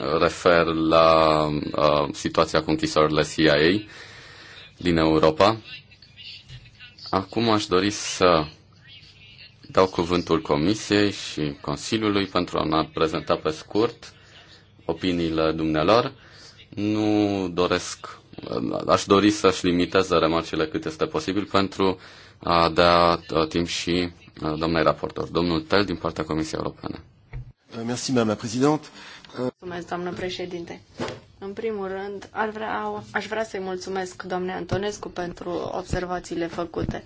uh, refer la uh, situația cu închisorile CIA din Europa. Acum aș dori să dau cuvântul Comisiei și Consiliului pentru a ne prezenta pe scurt opiniile dumnealor. Nu doresc, aș dori să-și limiteze remarcile cât este posibil pentru a da timp și Domnule raportor, domnul Tel din partea Comisiei Europene. Mersi, doamna președinte. Mulțumesc, doamnă președinte. În primul rând, ar vrea, aș vrea să-i mulțumesc doamne Antonescu pentru observațiile făcute.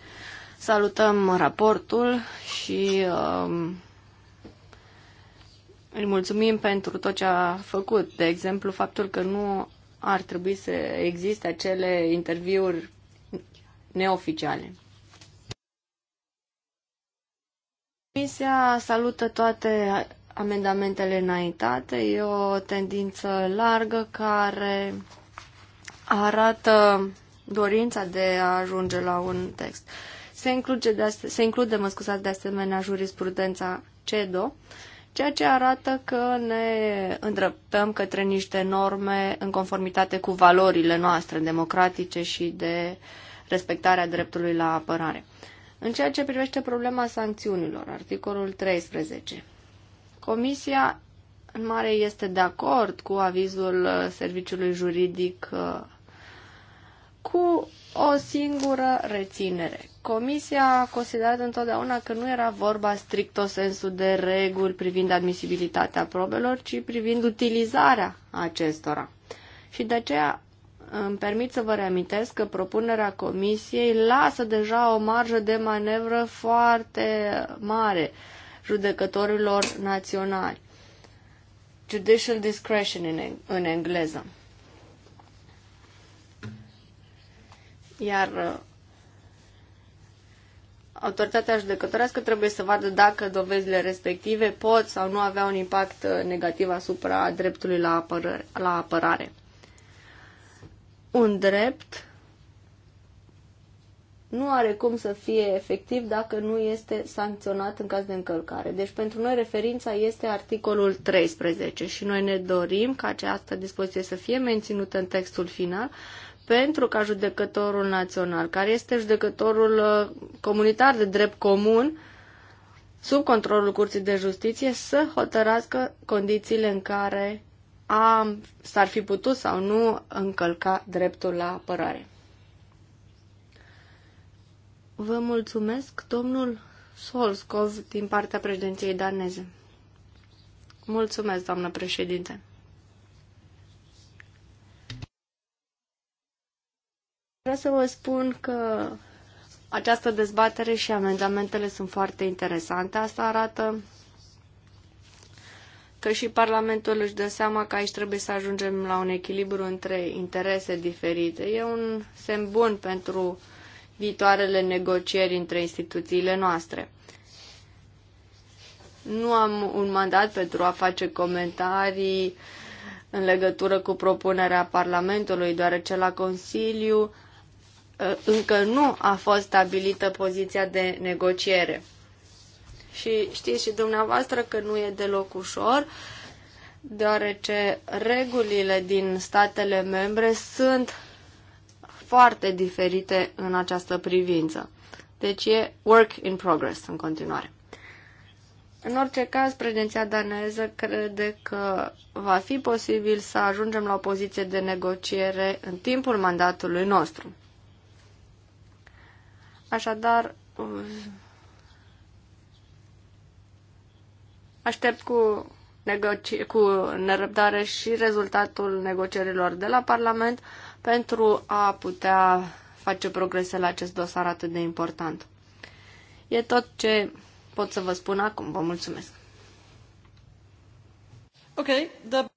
Salutăm raportul și um, îi mulțumim pentru tot ce a făcut. De exemplu, faptul că nu ar trebui să existe acele interviuri neoficiale. Comisia salută toate amendamentele înaintate. E o tendință largă care arată dorința de a ajunge la un text. Se, include, de se include, mă scuzați, de asemenea jurisprudența CEDO, ceea ce arată că ne îndreptăm către niște norme în conformitate cu valorile noastre democratice și de respectarea dreptului la apărare. În ceea ce privește problema sancțiunilor, articolul 13, Comisia în mare este de acord cu avizul uh, serviciului juridic uh, cu o singură reținere. Comisia a considerat întotdeauna că nu era vorba strict o sensul de reguli privind admisibilitatea probelor, ci privind utilizarea acestora. Și de aceea îmi permit să vă reamintesc că propunerea comisiei lasă deja o marjă de manevră foarte mare judecătorilor naționali. Judicial discretion în, eng în engleză. Iar uh, autoritatea judecătorească trebuie să vadă dacă dovezile respective pot sau nu avea un impact uh, negativ asupra dreptului la, apărări, la apărare un drept nu are cum să fie efectiv dacă nu este sancționat în caz de încălcare. Deci pentru noi referința este articolul 13 și noi ne dorim ca această dispoziție să fie menținută în textul final pentru ca judecătorul național, care este judecătorul uh, comunitar de drept comun, sub controlul Curții de Justiție, să hotărască condițiile în care a, s-ar fi putut sau nu încălca dreptul la apărare. Vă mulțumesc, domnul Solskov, din partea președinției daneze. Mulțumesc, doamnă președinte. Vreau să vă spun că această dezbatere și amendamentele sunt foarte interesante. Asta arată că și Parlamentul își dă seama că aici trebuie să ajungem la un echilibru între interese diferite. E un semn bun pentru viitoarele negocieri între instituțiile noastre. Nu am un mandat pentru a face comentarii în legătură cu propunerea Parlamentului, deoarece la Consiliu uh, încă nu a fost stabilită poziția de negociere. Și știți și dumneavoastră că nu e deloc ușor, deoarece regulile din statele membre sunt foarte diferite în această privință. Deci e work in progress în continuare. În orice caz, președinția daneză crede că va fi posibil să ajungem la o poziție de negociere în timpul mandatului nostru. Așadar, Aștept cu, cu nerăbdare și rezultatul negocierilor de la Parlament pentru a putea face progrese la acest dosar atât de important. E tot ce pot să vă spun acum. Vă mulțumesc. Ok, the... Da.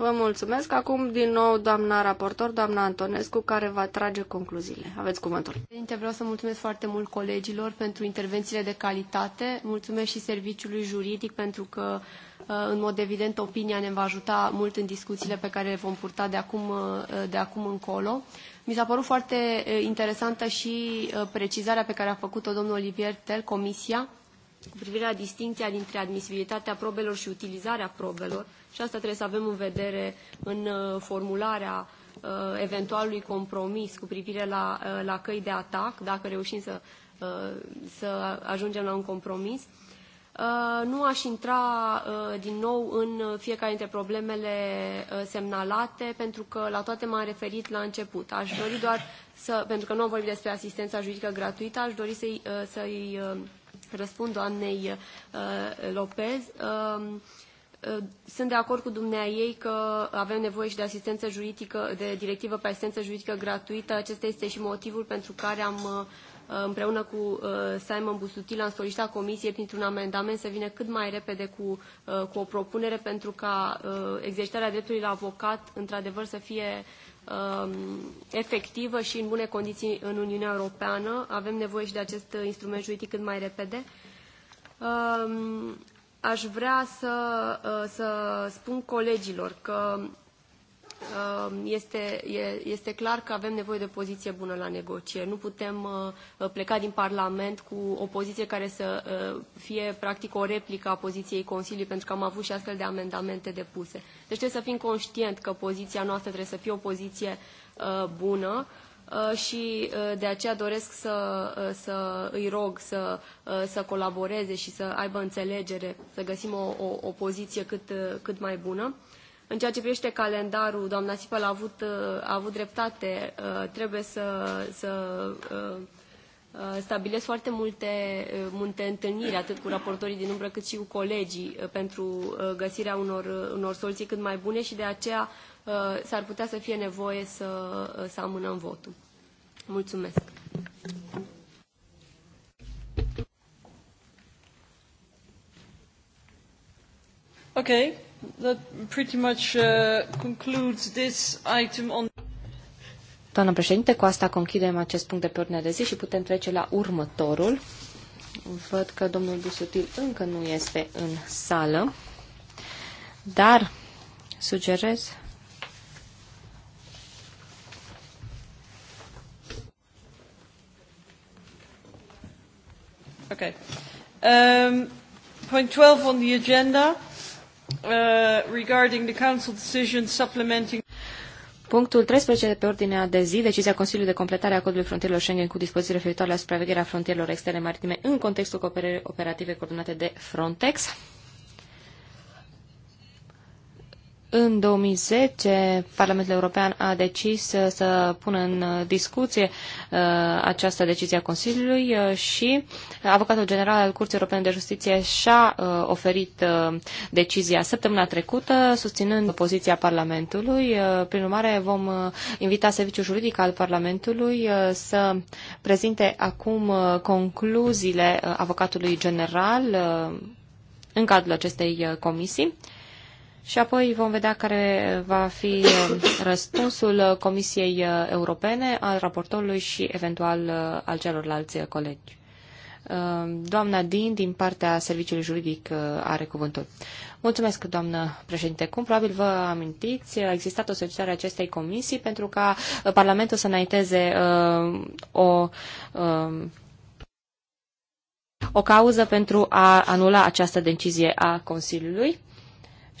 Vă mulțumesc. Acum, din nou, doamna raportor, doamna Antonescu, care va trage concluziile. Aveți cuvântul. Președinte, vreau să mulțumesc foarte mult colegilor pentru intervențiile de calitate. Mulțumesc și serviciului juridic pentru că, uh, în mod evident, opinia ne va ajuta mult în discuțiile pe care le vom purta de acum, uh, de acum încolo. Mi s-a părut foarte uh, interesantă și precizarea pe care a făcut-o domnul Olivier Tel, Comisia, cu privire la distinția dintre admisibilitatea probelor și utilizarea probelor și asta trebuie să avem în vedere în uh, formularea uh, eventualului compromis cu privire la, uh, la căi de atac, dacă reușim să, uh, să ajungem la un compromis. Uh, nu aș intra uh, din nou în fiecare dintre problemele semnalate, pentru că la toate m-am referit la început. Aș dori doar să, pentru că nu am vorbit despre asistența juridică gratuită, aș dori să-i să, -i, să -i, răspund doamnei uh, Lopez. Um, uh, sunt de acord cu dumnea ei că avem nevoie și de asistență juridică, de directivă pe asistență juridică gratuită. Acesta este și motivul pentru care am uh, împreună cu Simon Busutil am solicitat Comisie printr-un amendament să vină cât mai repede cu, cu o propunere pentru ca exercitarea dreptului la avocat într-adevăr să fie uh, Um, efectivă și în bune condiții în Uniunea Europeană. Avem nevoie și de acest instrument juridic cât mai repede. Um, aș vrea să, uh, să spun colegilor că Um, este, este clar că avem nevoie de o poziție bună la negocieri. Nu putem uh, pleca din Parlament cu o poziție care să uh, fie practic o replică a poziției Consiliului, pentru că am avut și astfel de amendamente depuse. Deci trebuie să fim conștient că poziția noastră trebuie să fie o poziție uh, bună și de aceea doresc să, să îi rog să, să colaboreze și să aibă înțelegere, să găsim o, o, o poziție cât, cât mai bună. În ceea ce privește calendarul, doamna Sipăl a avut, uh, a avut dreptate. Uh, trebuie să, să uh, stabilesc foarte multe, multe întâlniri, atât cu raportorii din umbră, cât și cu colegii, pentru găsirea unor, unor soluții cât mai bune și de aceea s-ar putea să fie nevoie să, să amânăm votul. Mulțumesc! Okay, that pretty much uh, concludes this item on... Doamna președinte, cu asta conchidem acest punct de pe ordine de zi și putem trece la următorul. Văd că domnul Busutil încă nu este în sală, dar sugerez Okay. Um, point 12 on the agenda Uh, Punctul 13 de pe ordinea de zi, decizia Consiliului de completare a codului frontierelor Schengen cu dispoziții referitoare la supravegherea frontierelor externe maritime în contextul cooperării operative coordonate de Frontex. În 2010, Parlamentul European a decis uh, să pună în uh, discuție uh, această decizie a Consiliului și avocatul general al Curții Europene de Justiție și-a oferit decizia săptămâna trecută, susținând poziția Parlamentului. Prin urmare, vom invita Serviciul Juridic al Parlamentului să prezinte acum concluziile avocatului general în cadrul acestei comisii și apoi vom vedea care va fi um, răspunsul uh, Comisiei uh, Europene, al raportorului și eventual uh, al celorlalți colegi. Um, doamna Din, din partea Serviciului Juridic, are cuvântul. Mulțumesc, doamnă președinte. Cum probabil vă amintiți, a existat o solicitare acestei comisii pentru ca Parlamentul să înainteze uh, o. Uh, o cauză pentru a anula această decizie a Consiliului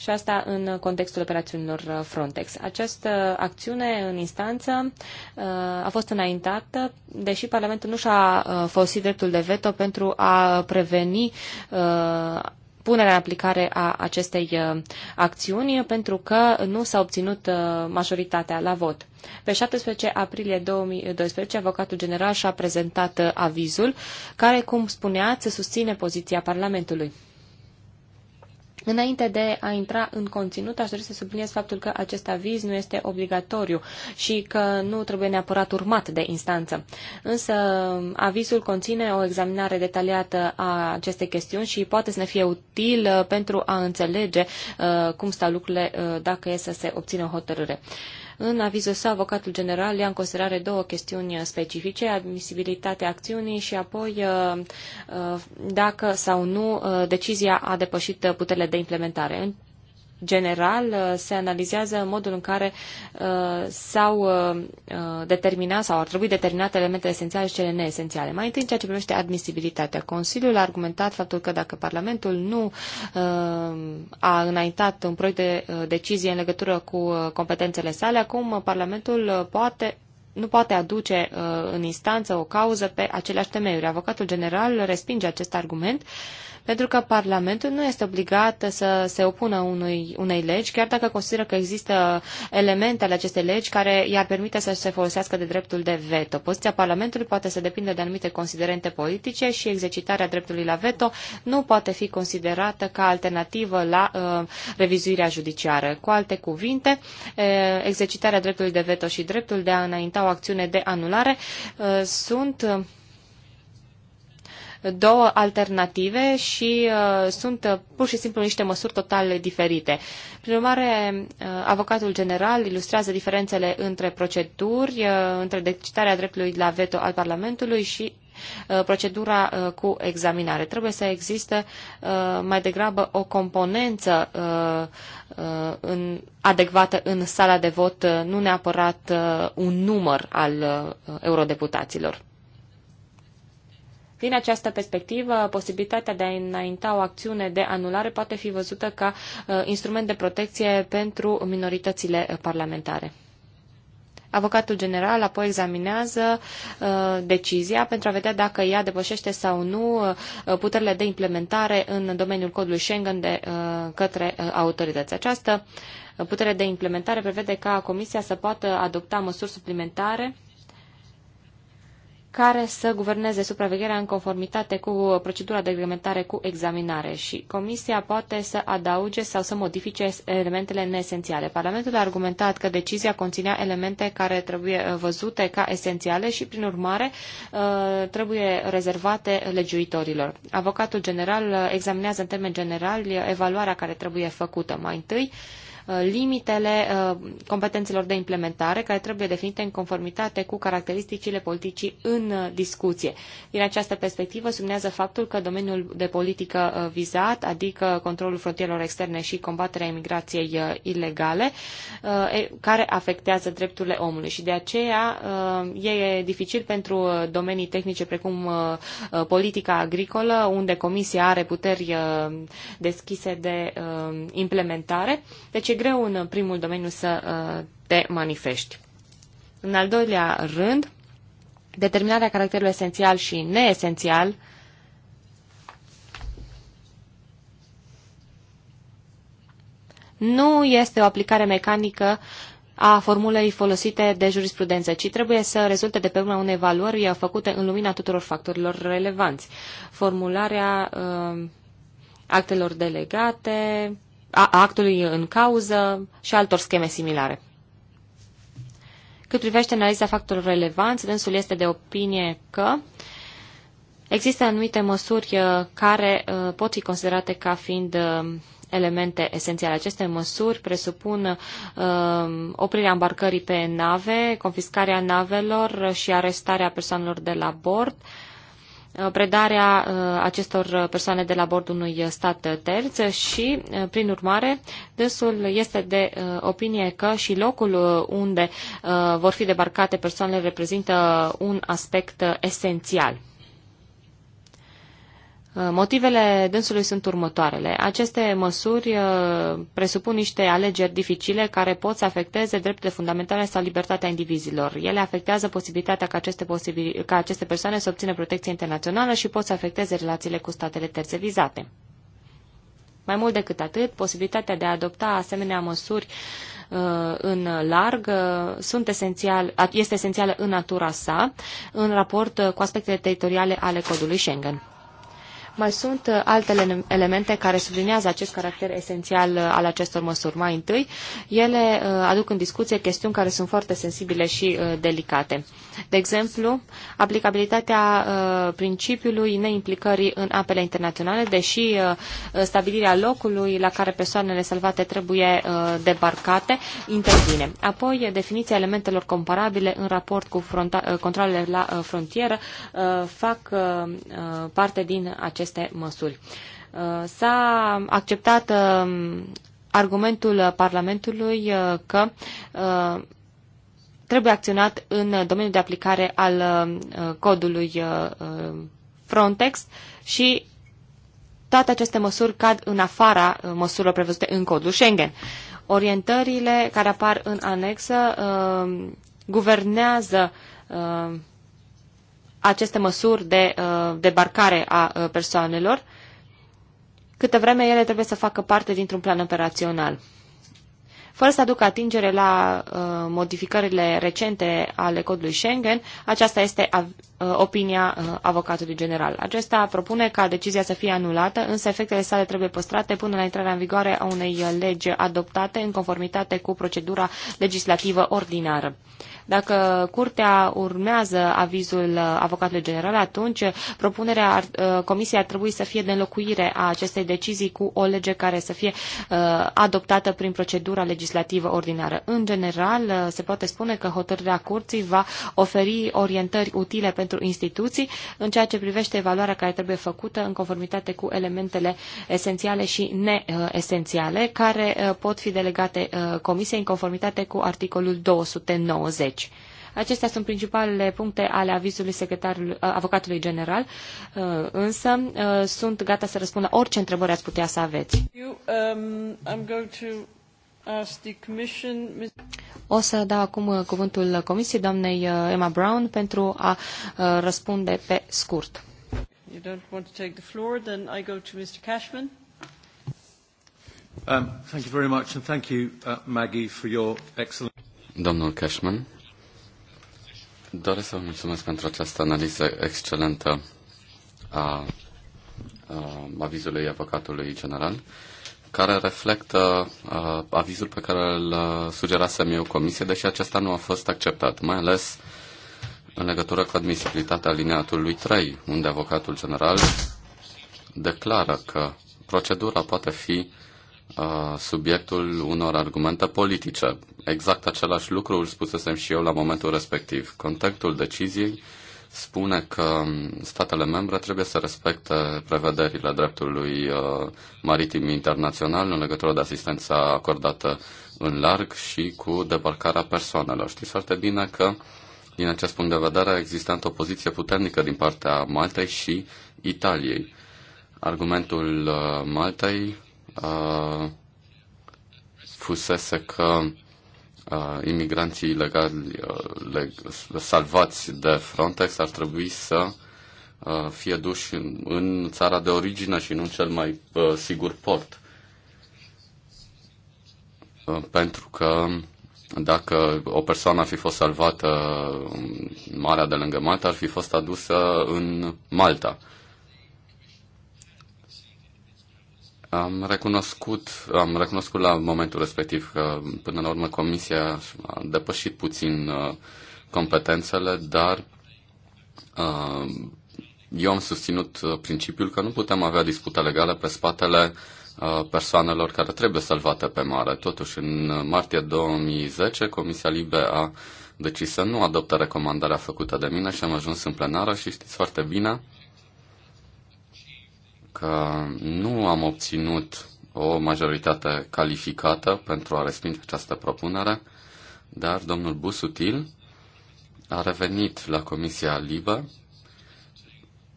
și asta în contextul operațiunilor uh, Frontex. Această acțiune în instanță uh, a fost înaintată, deși Parlamentul nu și-a uh, folosit dreptul de veto pentru a preveni punerea în aplicare a acestei acțiuni pentru că nu s-a obținut majoritatea la vot. Pe 17 aprilie 2012, avocatul general și-a prezentat avizul care, cum spuneați, susține poziția Parlamentului. Înainte de a intra în conținut, aș dori să subliniez faptul că acest aviz nu este obligatoriu și că nu trebuie neapărat urmat de instanță. Însă, avizul conține o examinare detaliată a acestei chestiuni și poate să ne fie util uh, pentru a înțelege uh, cum stau lucrurile uh, dacă e să se obțină o hotărâre. Uh, în avizul său, avocatul general ia în considerare două chestiuni specifice, admisibilitatea acțiunii și apoi uh, uh, dacă sau nu uh, decizia a depășit puterile de implementare general uh, se analizează modul în care uh, s-au uh, uh, determinat sau ar trebui determinate elementele esențiale și cele neesențiale. Mai întâi, în ceea ce privește admisibilitatea. Consiliul a argumentat faptul că dacă Parlamentul nu uh, a înaintat un proiect de uh, decizie în legătură cu competențele sale, acum Parlamentul poate nu poate aduce uh, în instanță o cauză pe aceleași temeiuri. Avocatul general respinge acest argument pentru că Parlamentul nu este obligat să se opună unui, unei legi, chiar dacă consideră că există elemente ale acestei legi care i-ar permite să se folosească de dreptul de veto. Poziția Parlamentului poate să depindă de anumite considerente politice și exercitarea dreptului la veto nu poate fi considerată ca alternativă la uh, revizuirea judiciară. Cu alte cuvinte, uh, exercitarea dreptului de veto și dreptul de a înainta o acțiune de anulare uh, sunt două alternative și uh, sunt uh, pur și simplu niște măsuri total diferite. Prin urmare, uh, avocatul general ilustrează diferențele între proceduri, între decitarea dreptului la veto al Parlamentului și procedura cu examinare. Trebuie să existe mai degrabă o componență în, adecvată în sala de vot, nu neapărat un număr al eurodeputaților. Din această perspectivă, posibilitatea de a înainta o acțiune de anulare poate fi văzută ca uh, instrument de protecție pentru minoritățile parlamentare. Avocatul general apoi examinează uh, decizia pentru a vedea dacă ea depășește sau nu uh, puterile de implementare în domeniul codului Schengen de uh, către uh, autorități. Această putere de implementare prevede ca Comisia să poată adopta măsuri suplimentare care să guverneze supravegherea în conformitate cu procedura de reglementare cu examinare și Comisia poate să adauge sau să modifice elementele neesențiale. Parlamentul a argumentat că decizia conținea elemente care trebuie uh, văzute ca esențiale și, prin urmare, uh, trebuie rezervate legiuitorilor. Avocatul general uh, examinează în termeni generali evaluarea care trebuie făcută mai întâi Uh, limitele uh, competențelor de implementare care trebuie definite în conformitate cu caracteristicile politicii în uh, discuție. Din această perspectivă sublinează faptul că domeniul de politică vizat, adică controlul frontierelor externe și combaterea imigrației ilegale, care afectează drepturile omului și de aceea e dificil pentru domenii tehnice precum politica agricolă, unde Comisia are puteri deschise de implementare. Deci e greu în primul domeniu să uh, te manifesti. În al doilea rând, determinarea caracterului esențial și neesențial nu este o aplicare mecanică a formulei folosite de jurisprudență, ci trebuie să rezulte de pe urma unei valori făcute în lumina tuturor factorilor relevanți. Formularea uh, actelor delegate, a actului în cauză și altor scheme similare. Cât privește analiza factorilor relevanți, dânsul este de opinie că există anumite măsuri uh, care uh, pot fi considerate ca fiind uh, elemente esențiale. Aceste măsuri presupun oprirea îmbarcării pe nave, confiscarea navelor și arestarea persoanelor de la bord, Uh, predarea uh, acestor persoane de la bordul unui stat terț și, uh, prin urmare, dânsul este de opinie că și locul unde vor fi debarcate persoanele reprezintă un aspect esențial. Uh, motivele dânsului sunt următoarele. Aceste măsuri uh, presupun niște alegeri dificile care pot să afecteze drepturile fundamentale sau libertatea indivizilor. Ele afectează posibilitatea ca aceste, posibil... ca aceste persoane să obțină protecție internațională și pot să afecteze relațiile cu statele terțe vizate. Mai mult decât atât, posibilitatea de a adopta asemenea măsuri uh, în larg sunt esențial, este esențială în natura sa, în raport cu aspectele teritoriale ale codului Schengen. Mai sunt uh, alte elemente care sublinează acest caracter esențial uh, al acestor măsuri. Mai întâi, ele uh, aduc în discuție chestiuni care sunt foarte sensibile și delicate. De exemplu, aplicabilitatea principiului neimplicării în apele internaționale, deși stabilirea locului la care persoanele salvate trebuie debarcate intervine. Apoi, definiția elementelor comparabile în raport cu controlele la frontieră fac parte din acest aceste măsuri. Uh, s-a acceptat um, argumentul Parlamentului uh, că uh, trebuie acționat în domeniul de aplicare al codului Frontex și toate aceste măsuri cad în afara măsurilor prevăzute în codul Schengen. Orientările care apar în anexă guvernează aceste măsuri de uh, debarcare a uh, persoanelor, câtă vreme ele trebuie să facă parte dintr-un plan operațional. Fără să aducă atingere la uh, modificările recente ale codului Schengen, aceasta este opinia avocatului general. Acesta propune ca decizia să fie anulată, însă efectele sale trebuie păstrate până la intrarea în vigoare a unei legi adoptate în conformitate cu procedura legislativă ordinară. Dacă curtea urmează avizul uh, avocatului general, atunci uh, propunerea ar, uh, comisiei ar trebui să fie de înlocuire a acestei decizii cu o lege care să fie adoptată prin procedura legislativă ordinară. În general, se poate spune că hotărârea curții va oferi orientări utile pentru instituții în ceea ce privește evaluarea care trebuie făcută în conformitate cu elementele esențiale și neesențiale, care pot fi delegate Comisiei în conformitate cu articolul 290. 2020. Acestea sunt principalele puncte ale avizului secretarului, avocatului general, însă sunt gata să răspund la orice întrebări ați putea să aveți. Um, o să dau acum uh, cuvântul Comisiei doamnei uh, Emma Brown pentru a uh, răspunde pe scurt. You don't want to take the floor, then I go to Mr. Cashman. Um, thank you very much and thank you, Maggie, for your excellent... Domnul Cashman, Doresc să vă mulțumesc pentru această analiză excelentă a, a avizului avocatului general, care reflectă a, avizul pe care îl sugerasem eu comisie, deși acesta nu a fost acceptat, mai ales în legătură cu admisibilitatea alineatului 3, unde avocatul general declară că procedura poate fi Uh, subiectul unor argumente politice. Exact același lucru îl spusesem și eu la momentul respectiv. Contextul deciziei spune că um, statele membre trebuie să respecte prevederile dreptului uh, maritim internațional în legătură de asistența acordată în larg și cu debarcarea persoanelor. Știți foarte bine că, din acest punct de vedere, există o poziție puternică din partea Maltei și Italiei. Argumentul uh, Maltei uh, fusese că uh, imigranții ilegali uh, salvați de Frontex ar trebui să uh, fie duși în, în țara de origine și nu în cel mai uh, sigur port. Uh, pentru că dacă o persoană ar fi fost salvată în Marea de lângă Malta, ar fi fost adusă în Malta. Uh, Am recunoscut, am recunoscut la momentul respectiv că, până la urmă, Comisia a depășit puțin uh, competențele, dar uh, eu am susținut uh, principiul că nu putem avea dispute legale pe spatele persoanelor care trebuie salvate pe mare. Totuși, în martie 2010, Comisia Libe a decis să nu adopte recomandarea făcută de mine și am ajuns în plenară și știți foarte bine că nu am obținut o majoritate calificată pentru a respinge această propunere, dar domnul Busutil a revenit la Comisia Libă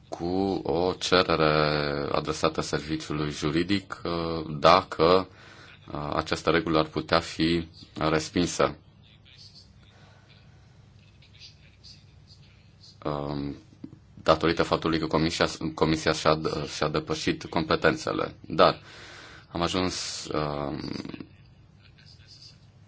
cu o cerere adresată serviciului juridic uh, dacă uh, această regulă ar putea fi respinsă. Um, datorită faptului că Comisia, comisia și-a, și-a depășit competențele. Dar am ajuns uh,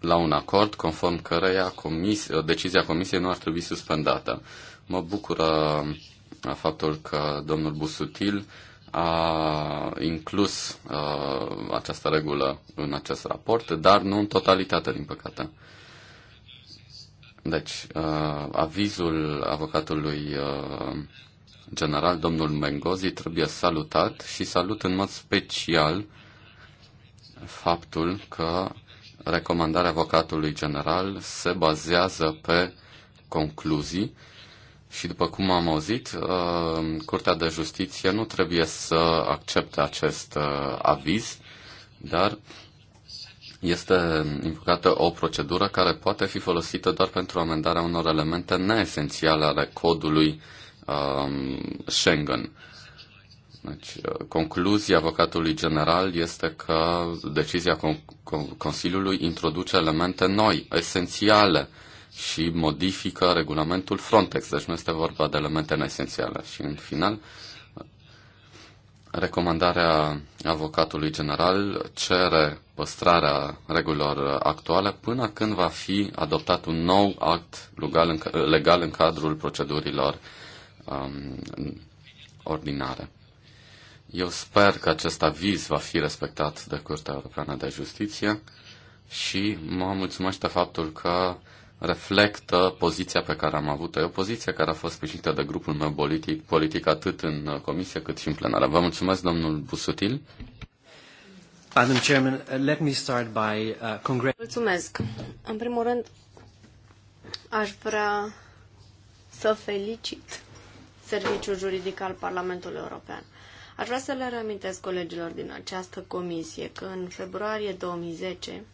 la un acord conform căreia comis, decizia Comisiei nu ar trebui suspendată. Mă bucură uh, faptul că domnul Busutil a inclus uh, această regulă în acest raport, dar nu în totalitate, din păcate. Deci, uh, avizul avocatului uh, general, domnul Mengozi, trebuie salutat și salut în mod special faptul că recomandarea avocatului general se bazează pe concluzii și după cum am auzit, uh, Curtea de Justiție nu trebuie să accepte acest uh, aviz, dar este invocată o procedură care poate fi folosită doar pentru amendarea unor elemente neesențiale ale codului Um, Schengen. Deci, uh, concluzia avocatului general este că decizia Consiliului introduce elemente noi, esențiale, și modifică regulamentul Frontex. Deci nu este vorba de elemente neesențiale. Și în final, recomandarea avocatului general cere păstrarea regulilor actuale până când va fi adoptat un nou act legal în, legal în cadrul procedurilor um, ordinare. Eu sper că acest aviz va fi respectat de Curtea Europeană de Justiție și mă mulțumește faptul că reflectă poziția pe care am avut-o o poziție care a fost sprijinită de grupul meu politic, politic atât în comisie cât și în plenară. Vă mulțumesc, domnul Busutil. Madam Chairman, uh, let me start by uh, Mulțumesc. În primul rând, aș vrea să felicit serviciul juridic al Parlamentului European. Aș vrea să le reamintesc colegilor din această comisie că în februarie 2010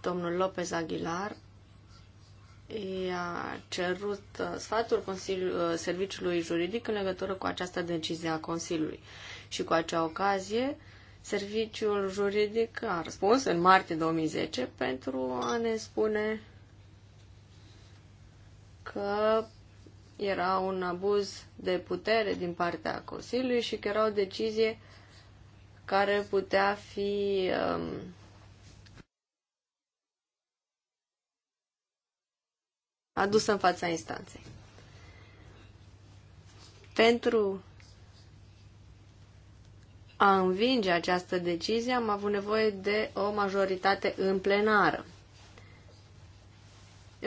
domnul Lopez Aguilar i-a cerut uh, sfatul uh, Serviciului Juridic în legătură cu această decizie a Consiliului. Și cu acea ocazie, Serviciul Juridic a răspuns în martie 2010 pentru a ne spune că era un abuz de putere din partea Consiliului și că era o decizie care putea fi um, adusă în fața instanței. Pentru a învinge această decizie am avut nevoie de o majoritate în plenară.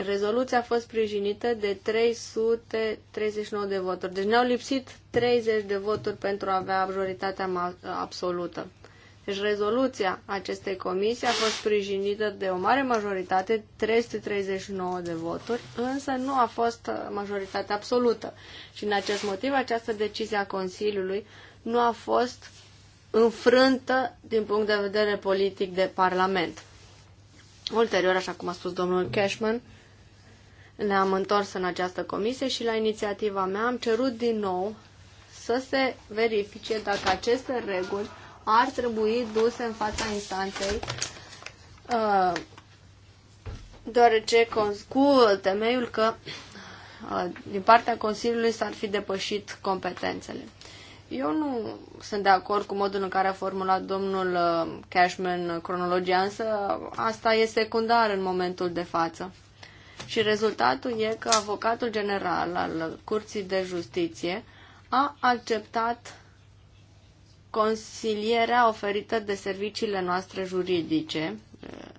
Rezoluția a fost sprijinită de 339 de voturi. Deci ne-au lipsit 30 de voturi pentru a avea majoritatea absolută. Deci rezoluția acestei comisii a fost sprijinită de o mare majoritate, 339 de voturi, însă nu a fost majoritatea absolută. Și în acest motiv această decizie a Consiliului nu a fost înfrântă din punct de vedere politic de Parlament. Ulterior, așa cum a spus domnul Cashman, ne-am întors în această comisie și la inițiativa mea am cerut din nou să se verifice dacă aceste reguli ar trebui duse în fața instanței uh, deoarece cu temeiul că uh, din partea Consiliului s-ar fi depășit competențele. Eu nu sunt de acord cu modul în care a formulat domnul uh, Cashman cronologia, însă asta e secundar în momentul de față. Și rezultatul e că avocatul general al Curții de Justiție a acceptat consilierea oferită de serviciile noastre juridice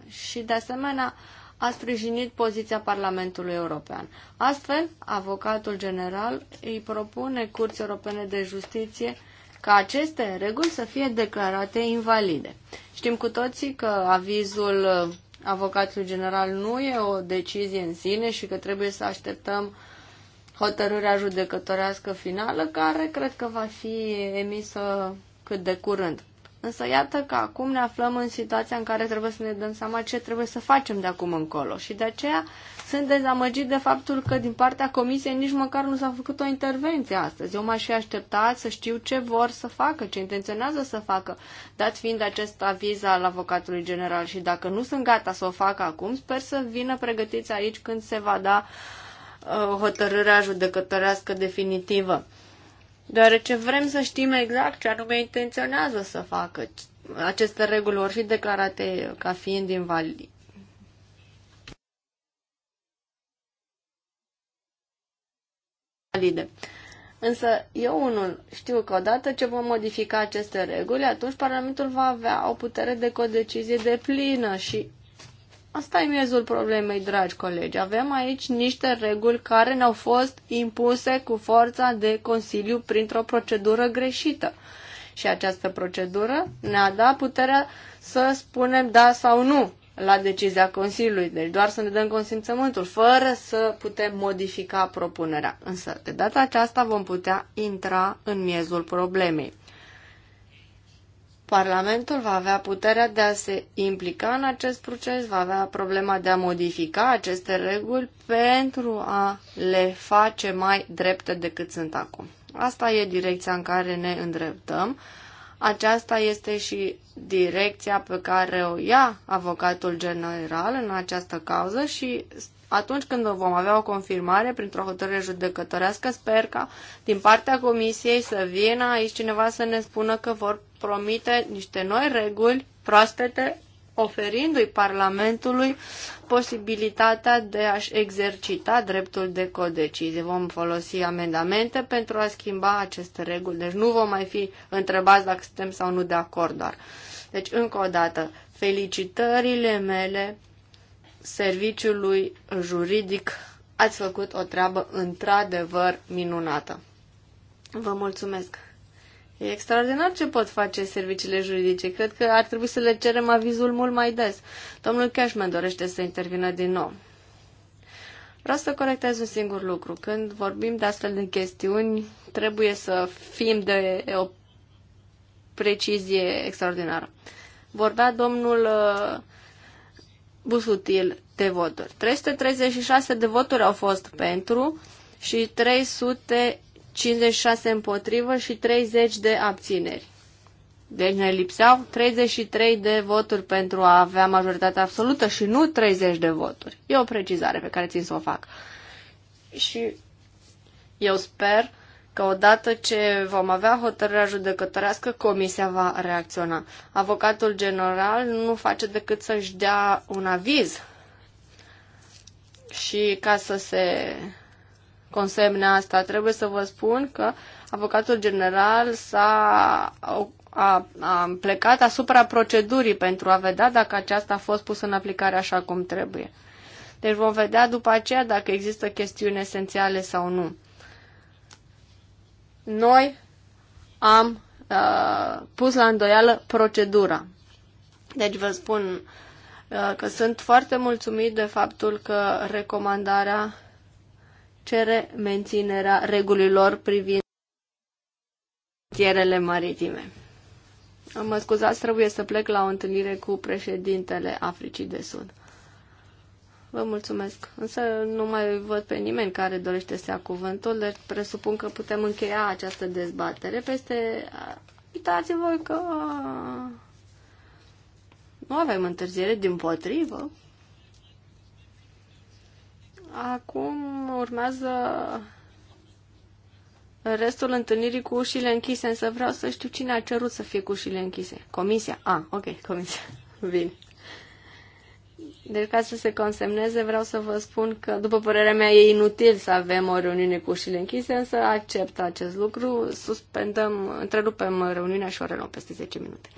și, de asemenea, a sprijinit poziția Parlamentului European. Astfel, avocatul general îi propune Curții Europene de Justiție ca aceste reguli să fie declarate invalide. Știm cu toții că avizul avocatul general nu e o decizie în sine și că trebuie să așteptăm hotărârea judecătorească finală, care cred că va fi emisă cât de curând. Însă iată că acum ne aflăm în situația în care trebuie să ne dăm seama ce trebuie să facem de acum încolo și de aceea sunt dezamăgit de faptul că din partea comisiei nici măcar nu s-a făcut o intervenție astăzi. Eu m-aș fi așteptat să știu ce vor să facă, ce intenționează să facă, dat fiind acest aviz al avocatului general și dacă nu sunt gata să o facă acum, sper să vină pregătiți aici când se va da uh, hotărârea judecătorească definitivă deoarece vrem să știm exact ce anume intenționează să facă. Aceste reguli vor fi declarate ca fiind invalide. valide. Însă eu unul știu că odată ce vom modifica aceste reguli, atunci Parlamentul va avea o putere de codecizie de plină și Asta e miezul problemei, dragi colegi. Avem aici niște reguli care ne-au fost impuse cu forța de Consiliu printr-o procedură greșită. Și această procedură ne-a dat puterea să spunem da sau nu la decizia Consiliului, deci doar să ne dăm consimțământul, fără să putem modifica propunerea. Însă, de data aceasta vom putea intra în miezul problemei. Parlamentul va avea puterea de a se implica în acest proces, va avea problema de a modifica aceste reguli pentru a le face mai drepte decât sunt acum. Asta e direcția în care ne îndreptăm. Aceasta este și direcția pe care o ia avocatul general în această cauză și atunci când vom avea o confirmare printr-o hotărâre judecătorească, sper ca din partea comisiei să vină aici cineva să ne spună că vor promite niște noi reguli proaspete, oferindu-i Parlamentului posibilitatea de a-și exercita dreptul de codecizie. Vom folosi amendamente pentru a schimba aceste reguli, deci nu vom mai fi întrebați dacă suntem sau nu de acord doar. Deci, încă o dată, felicitările mele serviciului juridic ați făcut o treabă într-adevăr minunată. Vă mulțumesc! E extraordinar ce pot face serviciile juridice. Cred că ar trebui să le cerem avizul mult mai des. Domnul Cashman dorește să intervină din nou. Vreau să corectez un singur lucru. Când vorbim de astfel de chestiuni, trebuie să fim de o precizie extraordinară. Vorbea domnul uh, busutil de voturi. 336 de voturi au fost pentru și 356 împotrivă și 30 de abțineri. Deci ne lipseau 33 de voturi pentru a avea majoritatea absolută și nu 30 de voturi. E o precizare pe care țin să o fac. Și eu sper că odată ce vom avea hotărârea judecătorească, comisia va reacționa. Avocatul general nu face decât să-și dea un aviz și ca să se consemne asta, trebuie să vă spun că avocatul general s-a a, a plecat asupra procedurii pentru a vedea dacă aceasta a fost pusă în aplicare așa cum trebuie. Deci vom vedea după aceea dacă există chestiuni esențiale sau nu noi am uh, pus la îndoială procedura. Deci vă spun uh, că sunt foarte mulțumit de faptul că recomandarea cere menținerea regulilor privind frontierele maritime. Mă scuzați, trebuie să plec la o întâlnire cu președintele Africii de Sud. Vă mulțumesc. Însă nu mai văd pe nimeni care dorește să ia cuvântul, deci presupun că putem încheia această dezbatere peste... Uitați-vă că nu avem întârziere, din potrivă. Acum urmează restul întâlnirii cu ușile închise, însă vreau să știu cine a cerut să fie cu ușile închise. Comisia? A, ah, ok, comisia. Bine. Deci, ca să se consemneze, vreau să vă spun că, după părerea mea, e inutil să avem o reuniune cu ușile închise, însă accept acest lucru. Suspendăm, întrerupem reuniunea și o reluăm peste 10 minute.